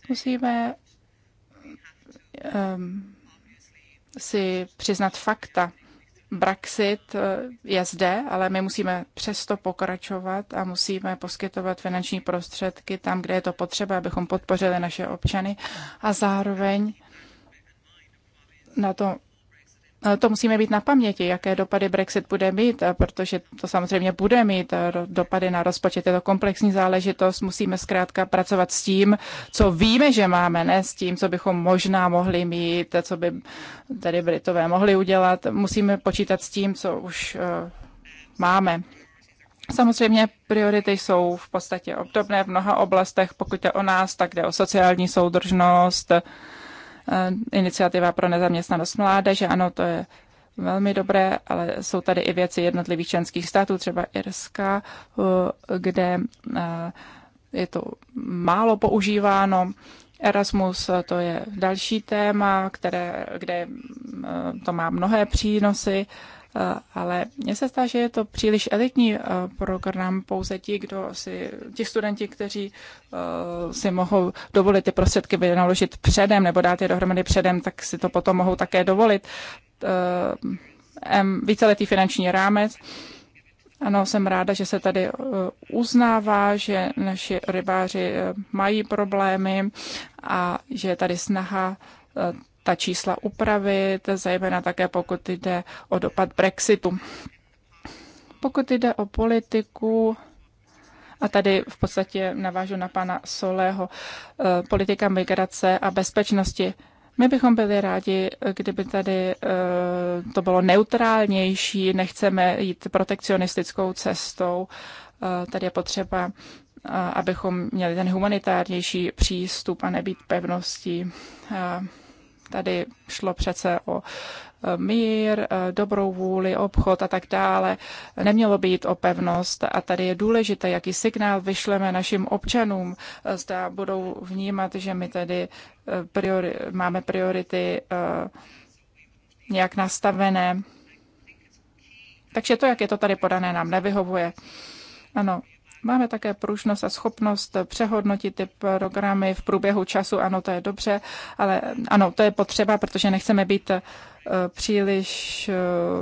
Musíme um, si přiznat fakta. Brexit eh, je zde, ale my musíme přesto pokračovat a musíme poskytovat finanční prostředky tam, kde je to potřeba, abychom podpořili naše občany a zároveň na to Eh, to musíme být na paměti, jaké dopady Brexit bude mít, eh, protože to samozřejmě bude mít eh, dopady na rozpočet. Je to komplexní záležitost, musíme zkrátka pracovat s tím, co víme, že máme, ne s tím, co bychom možná mohli mít, co by tady Britové mohli udělat. Musíme počítat s tím, co už máme. Samozřejmě priority jsou v podstatě obdobné v mnoha oblastech. Pokud je o nás, tak jde o sociální soudržnost, Eh, iniciativa pro nezaměstnanost mládeže, ano, to je velmi dobré, ale jsou tady i věci jednotlivých členských států, třeba Irska, eh, kde eh, je to málo používáno. Erasmus to je další téma, které, kde to má mnohé přínosy Eh, ale mně se zdá, že je to příliš elitní eh, program, pouze ti, kdo si, ti studenti, kteří eh, si mohou dovolit ty prostředky vynaložit předem nebo dát je dohromady předem, tak si to potom mohou také dovolit. Víceletý finanční rámec. Ano, jsem ráda, že se tady uznává, že naši rybáři mají problémy a že je tady snaha ta čísla upravit, zejména také pokud jde o dopad Brexitu. Pokud jde o politiku, a tady v podstatě navážu na pana Solého, eh, politika migrace a bezpečnosti. My bychom byli rádi, kdyby tady eh, to bylo neutrálnější, nechceme jít protekcionistickou cestou. Eh, tady je potřeba, abychom měli ten humanitárnější přístup a nebýt pevností. Tady šlo přece o e, mír, e, dobrou vůli, obchod a tak dále. Nemělo by jít o pevnost a tady je důležité, jaký signál vyšleme našim občanům. E, zda budou vnímat, že my tedy priori- máme priority nějak nastavené. Takže to, jak je to tady podané, nám nevyhovuje. Ano, Máme také pružnost a schopnost přehodnotit ty programy v průběhu času. Ano, to je dobře, ale ano, to je potřeba, protože nechceme být Eh, příliš eh,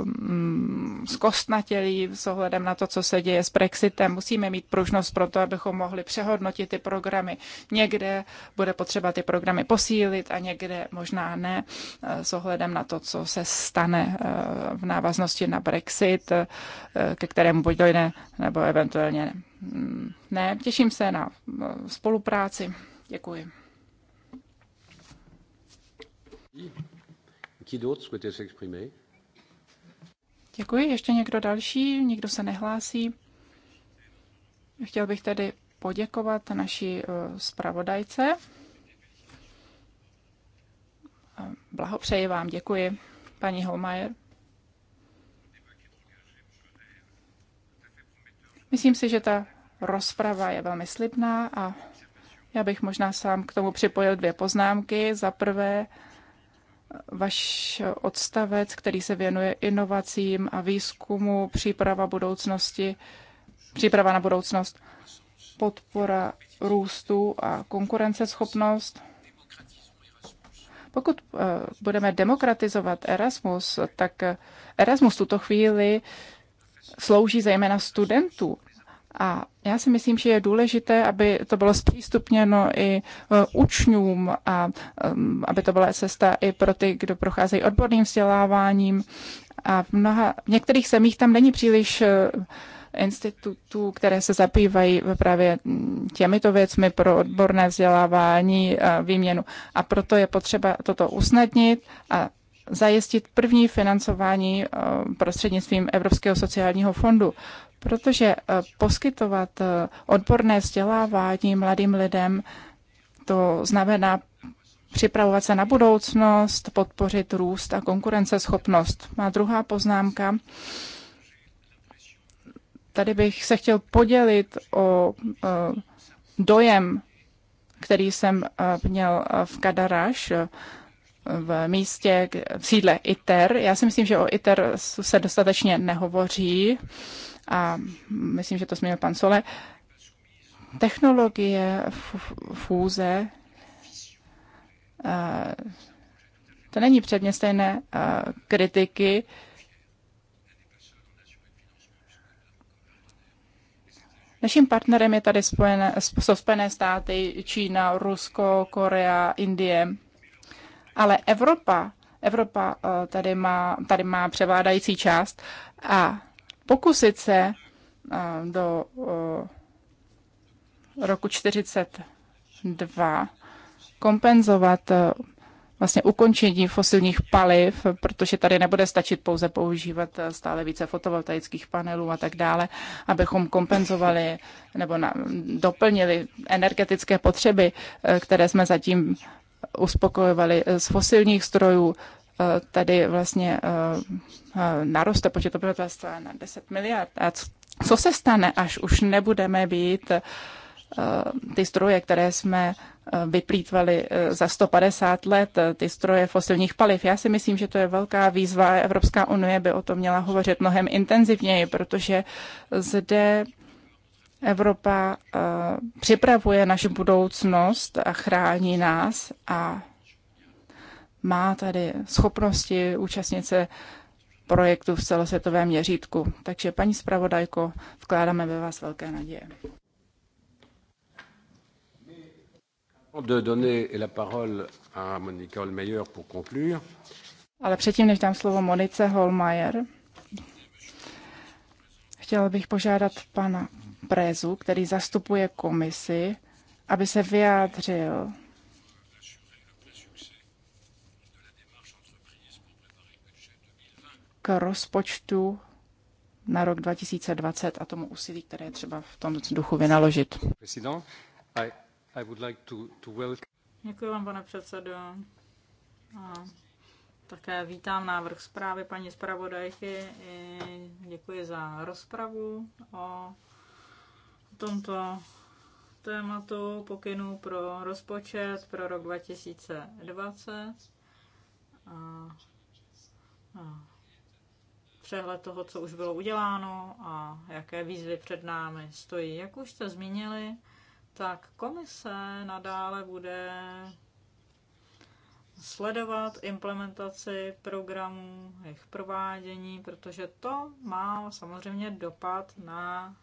mm, zkostnatělí s ohledem na to, co se děje s Brexitem. Musíme mít pružnost pro to, abychom mohli přehodnotit ty programy. Někde bude potřeba ty programy posílit a někde možná ne eh, s ohledem na to, co se stane v návaznosti na Brexit, ke kterému buď dojde, nebo eventuálně ne. Mm, ne. Těším se na spolupráci. Děkuji. Qui d'autre souhaitait s'exprimer? Děkuji. Ještě někdo další? Nikdo se nehlásí. Chtěl bych tedy poděkovat naší eh, zpravodajce. Blahopřeji vám, děkuji, paní Holmajer. Myslím si, že ta rozprava je velmi slibná a já bych možná sám k tomu připojil dvě poznámky. Za prvé, váš odstavec, který se věnuje inovacím a výzkumu, příprava budoucnosti, příprava na budoucnost, podpora růstu a konkurenceschopnost. Pokud eh, budeme demokratizovat Erasmus, tak Erasmus tuto chvíli slouží zejména studentům. A já si myslím, že je důležité, aby to bylo zpřístupněno i e, učňům a aby to byla cesta i pro ty, kdo procházejí odborným vzděláváním. A v, mnoha, v některých zemích tam není příliš e, institutů, které se zabývají právě mm, těmito věcmi pro odborné vzdělávání a výměnu. A proto je potřeba toto usnadnit a zajistit první financování e, prostřednictvím Evropského sociálního fondu protože eh, poskytovat eh, odborné vzdělávání mladým lidem, to znamená připravovat se na budoucnost, podpořit růst a konkurenceschopnost. Má druhá poznámka. Tady bych se chtěl podělit o eh, dojem, který jsem měl v Kadaraš, v místě, v sídle ITER. Já si myslím, že o ITER se dostatečně nehovoří a myslím, že to směl pan Sole, technologie fůze eh, to není předmět stejné eh, kritiky, Naším partnerem je tady spojené, jsou Spojené státy, Čína, Rusko, Korea, Indie. Ale Evropa, Evropa eh, tady má, tady má převládající část a pokusit se eh, do eh, roku 42 kompenzovat eh, vlastně ukončení fosilních paliv, protože tady nebude stačit pouze používat stále více fotovoltaických panelů a tak dále, abychom kompenzovali nebo na, doplnili energetické potřeby, které jsme zatím uspokojovali z fosilních strojů. Eh, tady vlastně eh, eh, naroste počet obyvatelstva na 10 miliard. A co se stane, až už nebudeme být ty stroje, které jsme vyplýtvali za 150 let, ty stroje fosilních paliv. Já si myslím, že to je velká výzva. Evropská unie by o tom měla hovořit mnohem intenzivněji, protože zde Evropa připravuje naši budoucnost a chrání nás a má tady schopnosti účastnit se projektu v celosvětovém měřítku. Takže paní zpravodajko, vkládáme ve vás velké naděje. Ale předtím, než dám slovo Monice Holmajer, chtěla bych požádat pana Prezu, který zastupuje komisi, aby se vyjádřil k rozpočtu na rok 2020 a tomu úsilí, které je třeba v tom duchu vynaložit. Děkuji vám, pane předsedo. A také vítám návrh zprávy paní zpravodajky. Děkuji za rozpravu o tomto tématu pokynu pro rozpočet pro rok 2020. A, a přehled toho, co už bylo uděláno a jaké výzvy před námi stojí. Jak už jste zmínili, tak komise nadále bude sledovat implementaci programů, jejich provádění, protože to má samozřejmě dopad na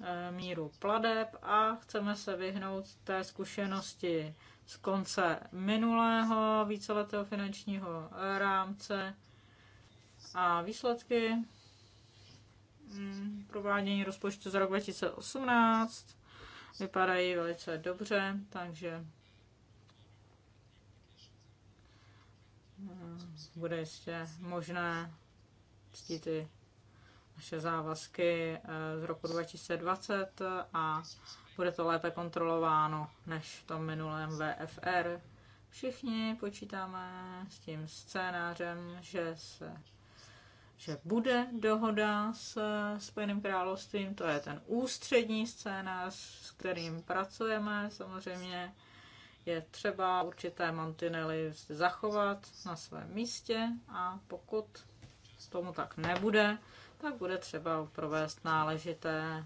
e, míru pladeb a chceme se vyhnout té zkušenosti z konce minulého víceletého finančního rámce, a výsledky hmm, provádění rozpočtu za rok 2018 vypadají velice dobře, takže hmm, bude ještě možné ctít i naše závazky eh, z roku 2020 a bude to lépe kontrolováno než v tom minulém VFR. Všichni počítáme s tím scénářem, že se že bude dohoda s eh, Spojeným královstvím, to je ten ústřední scénář, s kterým pracujeme. Samozřejmě je třeba určité mantinely zachovat na svém místě a pokud tomu tak nebude, tak bude třeba provést náležité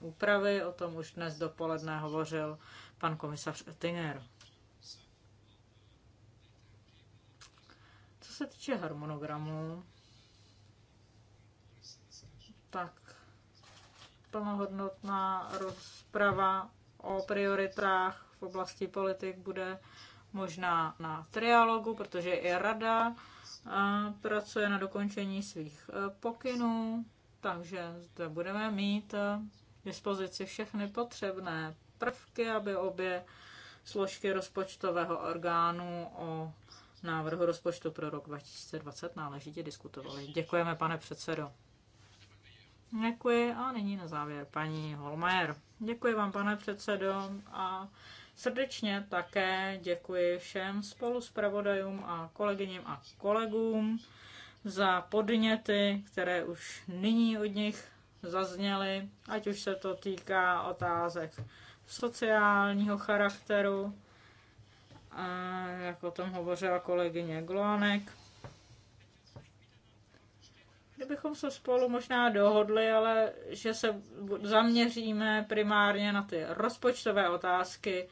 úpravy. O tom už dnes dopoledne hovořil pan komisař Ettinger. Co se týče harmonogramu, tak plnohodnotná rozprava o prioritách v oblasti politik bude možná na trialogu, protože i rada eh, pracuje na dokončení svých eh, pokynů, takže zde budeme mít eh, dispozici všechny potřebné prvky, aby obě složky rozpočtového orgánu o návrhu rozpočtu pro rok 2020 náležitě diskutovali. Děkujeme, pane předsedo. Děkuji a nyní na závěr paní Holmajer. Děkuji vám, pane předsedo, a srdečně také děkuji všem spoluspravodajům a kolegyním a kolegům za podněty, které už nyní od nich zazněly, ať už se to týká otázek sociálního charakteru, jak o tom hovořila kolegyně Gloanek, kdybychom se spolu možná dohodli, ale že se zaměříme primárně na ty rozpočtové otázky,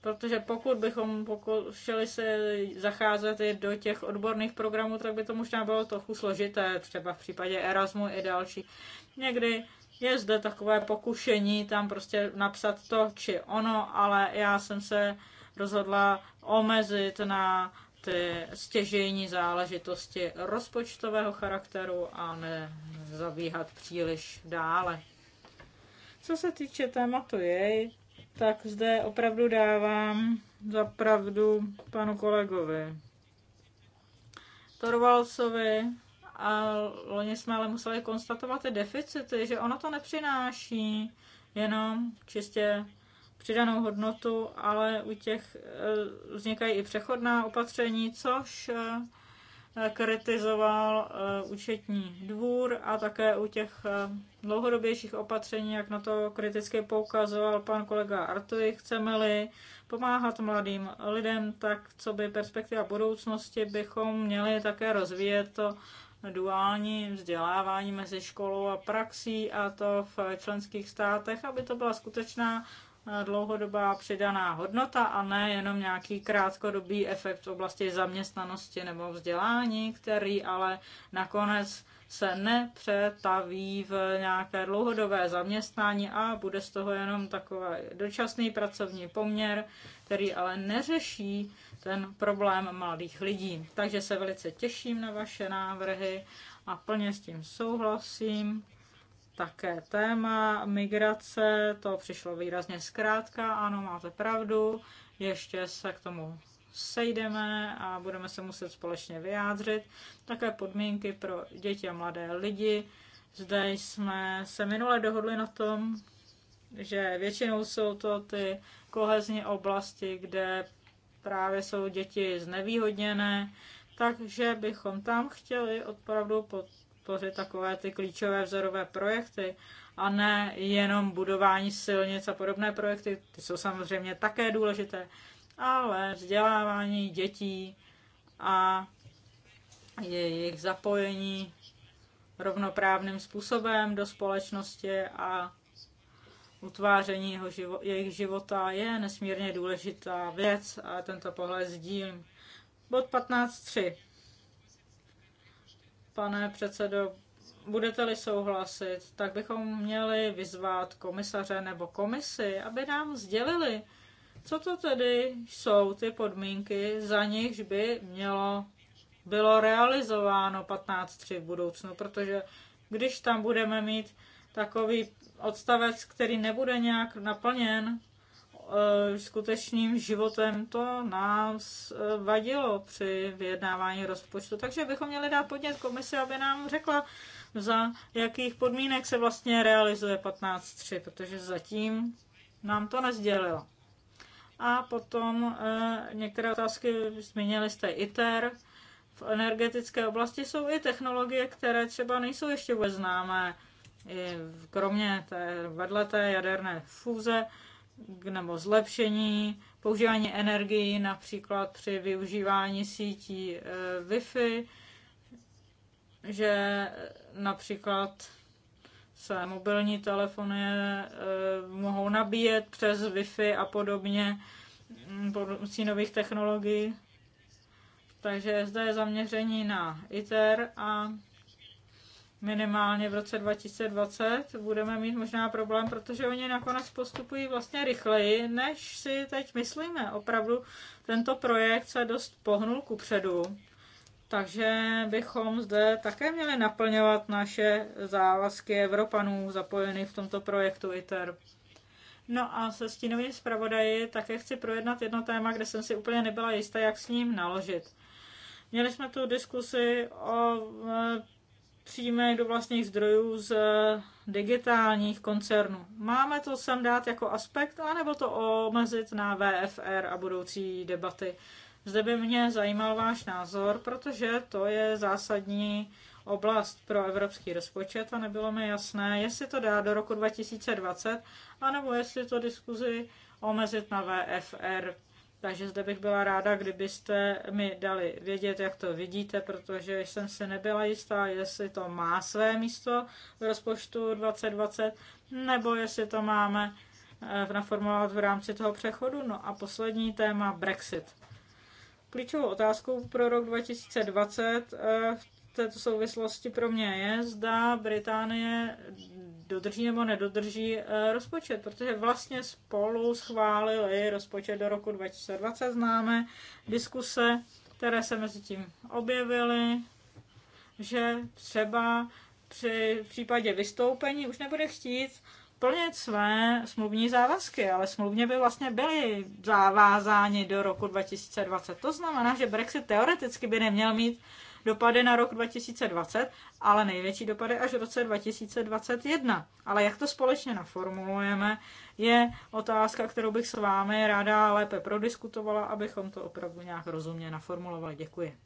protože pokud bychom pokoušeli se zacházet i do těch odborných programů, tak by to možná bylo trochu složité, třeba v případě Erasmu i další. Někdy je zde takové pokušení tam prostě napsat to či ono, ale já jsem se rozhodla omezit na ty stěžejní záležitosti rozpočtového charakteru a ne zabíhat příliš dále. Co se týče tématu jej, tak zde opravdu dávám za pravdu panu kolegovi Torvalsovi a loni jsme ale museli konstatovat ty deficity, že ono to nepřináší jenom čistě přidanou hodnotu, ale u těch eh, vznikají i přechodná opatření, což eh, kritizoval eh, účetní dvůr a také u těch dlouhodobějších opatření, jak na to kriticky poukazoval pan kolega Artuji, chceme-li pomáhat mladým lidem, tak co by perspektiva budoucnosti, bychom měli také rozvíjet to duální vzdělávání mezi školou a praxí a to v členských státech, aby to byla skutečná Eh, dlouhodobá přidaná hodnota a ne jenom nějaký krátkodobý efekt v oblasti zaměstnanosti nebo vzdělání, který ale nakonec se nepřetaví v nějaké dlouhodobé zaměstnání a bude z toho jenom takový dočasný pracovní poměr, který ale neřeší ten problém mladých lidí. Takže se velice těším na vaše návrhy a plně s tím souhlasím také téma migrace, to přišlo výrazně zkrátka, ano, máte pravdu, ještě se k tomu sejdeme a budeme se muset společně vyjádřit. Také podmínky pro děti a mladé lidi. Zde jsme se minule dohodli na tom, že většinou jsou to ty kohezní oblasti, kde právě jsou děti znevýhodněné, takže bychom tam chtěli opravdu pod podpořit takové ty klíčové vzorové projekty a ne jenom budování silnic a podobné projekty, ty jsou samozřejmě také důležité, ale vzdělávání dětí a jejich zapojení rovnoprávným způsobem do společnosti a utváření jeho živo- jejich života je nesmírně důležitá věc a tento pohled sdílím. Bod 15.3 pane předsedo, budete-li souhlasit, tak bychom měli vyzvat komisaře nebo komisi, aby nám sdělili, co to tedy jsou ty podmínky, za nichž by mělo bylo realizováno 15.3 v budoucnu, protože když tam budeme mít takový odstavec, který nebude nějak naplněn, Eh, skutečným životem, to nás eh, vadilo při vyjednávání rozpočtu. Takže bychom měli dát podnět komisi, aby nám řekla, za jakých podmínek se vlastně realizuje 15.3, protože zatím nám to nezdělilo. A potom eh, některé otázky zmínili jste ITER. V energetické oblasti jsou i technologie, které třeba nejsou ještě vůbec známé. I kromě té, vedle té jaderné fúze nebo zlepšení používání energií, například při využívání sítí eh, Wi-Fi, že například se mobilní telefony eh, mohou nabíjet přes Wi-Fi a podobně mm, pomocí nových technologií. Takže zde je zaměření na ITER a minimálně v roce 2020 budeme mít možná problém, protože oni nakonec postupují vlastně rychleji, než si teď myslíme. Opravdu tento projekt se dost pohnul ku předu, takže bychom zde také měli naplňovat naše závazky Evropanů zapojených v tomto projektu ITER. No a se stínovým zpravodaji také chci projednat jedno téma, kde jsem si úplně nebyla jistá, jak s ním naložit. Měli jsme tu diskusi o e, příjmech do vlastních zdrojů z digitálních koncernů. Máme to sem dát jako aspekt, anebo to omezit na VFR a budoucí debaty. Zde by mě zajímal váš názor, protože to je zásadní oblast pro evropský rozpočet a nebylo mi jasné, jestli to dá do roku 2020, anebo jestli to diskuzi omezit na VFR takže zde bych byla ráda, kdybyste mi dali vědět, jak to vidíte, protože jsem si nebyla jistá, jestli to má své místo v rozpočtu 2020, nebo jestli to máme eh, naformulovat v rámci toho přechodu. No a poslední téma Brexit. Klíčovou otázkou pro rok 2020 v této souvislosti pro mě je, zda Británie dodrží nebo nedodrží eh, rozpočet, protože vlastně spolu schválili rozpočet do roku 2020, známe diskuse, které se mezi tím objevily, že třeba při případě vystoupení už nebude chtít plnit své smluvní závazky, ale smluvně by vlastně byly zavázáni do roku 2020. To znamená, že Brexit teoreticky by neměl mít dopady na rok 2020, ale největší dopady až v roce 2021. Ale jak to společně naformulujeme, je otázka, kterou bych s vámi ráda lépe prodiskutovala, abychom to opravdu nějak rozumně naformulovali. Děkuji.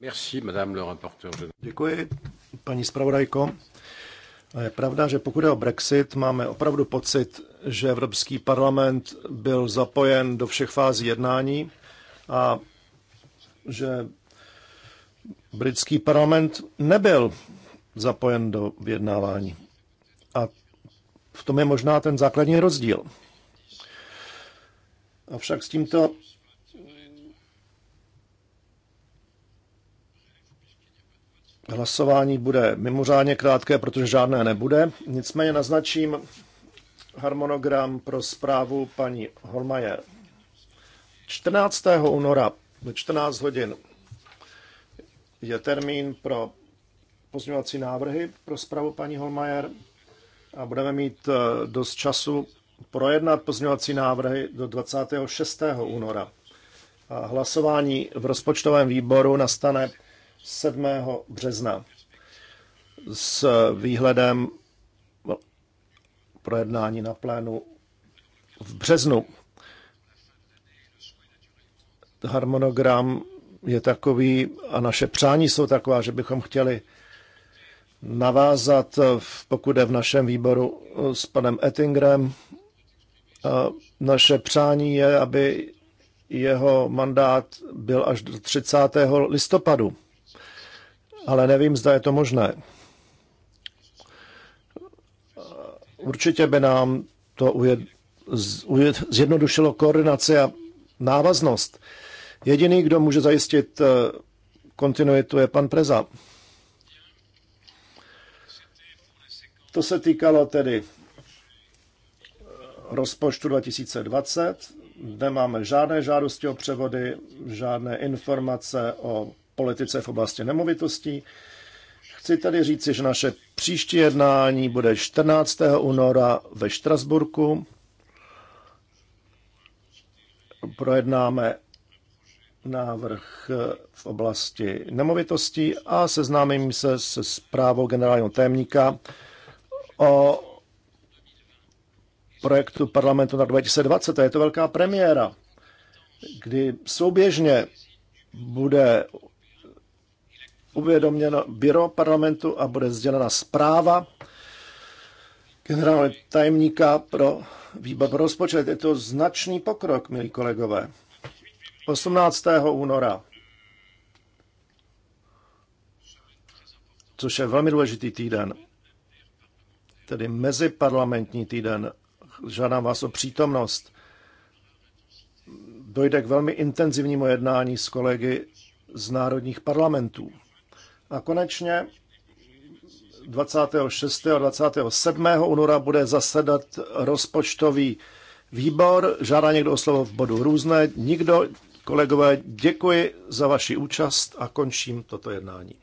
Merci, madame le rapporteur. Děkuji, paní zpravodajko. A je pravda, že pokud je o Brexit, máme opravdu pocit, že Evropský parlament byl zapojen do všech fází jednání a že britský parlament nebyl zapojen do vyjednávání. A v tom je možná ten základní rozdíl. Avšak s tímto hlasování bude mimořádně krátké, protože žádné nebude. Nicméně naznačím harmonogram pro zprávu paní Holmajer. 14. února ve 14 hodin je termín pro pozměňovací návrhy pro zprávu paní Holmajer a budeme mít eh, dost času projednat pozměňovací návrhy do 26. února. A hlasování v rozpočtovém výboru nastane 7. března s výhledem projednání na plénu v březnu. Harmonogram je takový a naše přání jsou taková, že bychom chtěli navázat, eh, pokud je v našem výboru eh, s panem Ettingrem. A naše přání je, aby jeho mandát byl až do 30. listopadu. Ale nevím, zda je to možné. Určitě by nám to ujed, zjednodušilo koordinaci a návaznost. Jediný, kdo může zajistit eh, kontinuitu, je pan Preza. To se týkalo tedy eh, rozpočtu 2020. Nemáme žádné žádosti o převody, žádné informace o politice v oblasti nemovitostí. Chci tady říci, že naše příští jednání bude 14. února ve Štrasburku. Projednáme návrh eh, v oblasti nemovitostí a seznámím se se zprávou generálního témníka o projektu parlamentu na 2020. To je to velká premiéra, kdy souběžně bude uvědoměno byro parlamentu a bude sdělena zpráva generálního tajemníka pro výbor pro rozpočet. Je to značný pokrok, milí kolegové. 18. února, což je velmi důležitý týden, tedy meziparlamentní týden. Žádám vás o přítomnost. Dojde k velmi intenzivnímu jednání s kolegy z národních parlamentů. A konečně 26. a 27. února bude zasedat rozpočtový výbor. Žádá někdo o slovo v bodu různé? Nikdo, Kolegové, děkuji za vaši účast a končím toto jednání.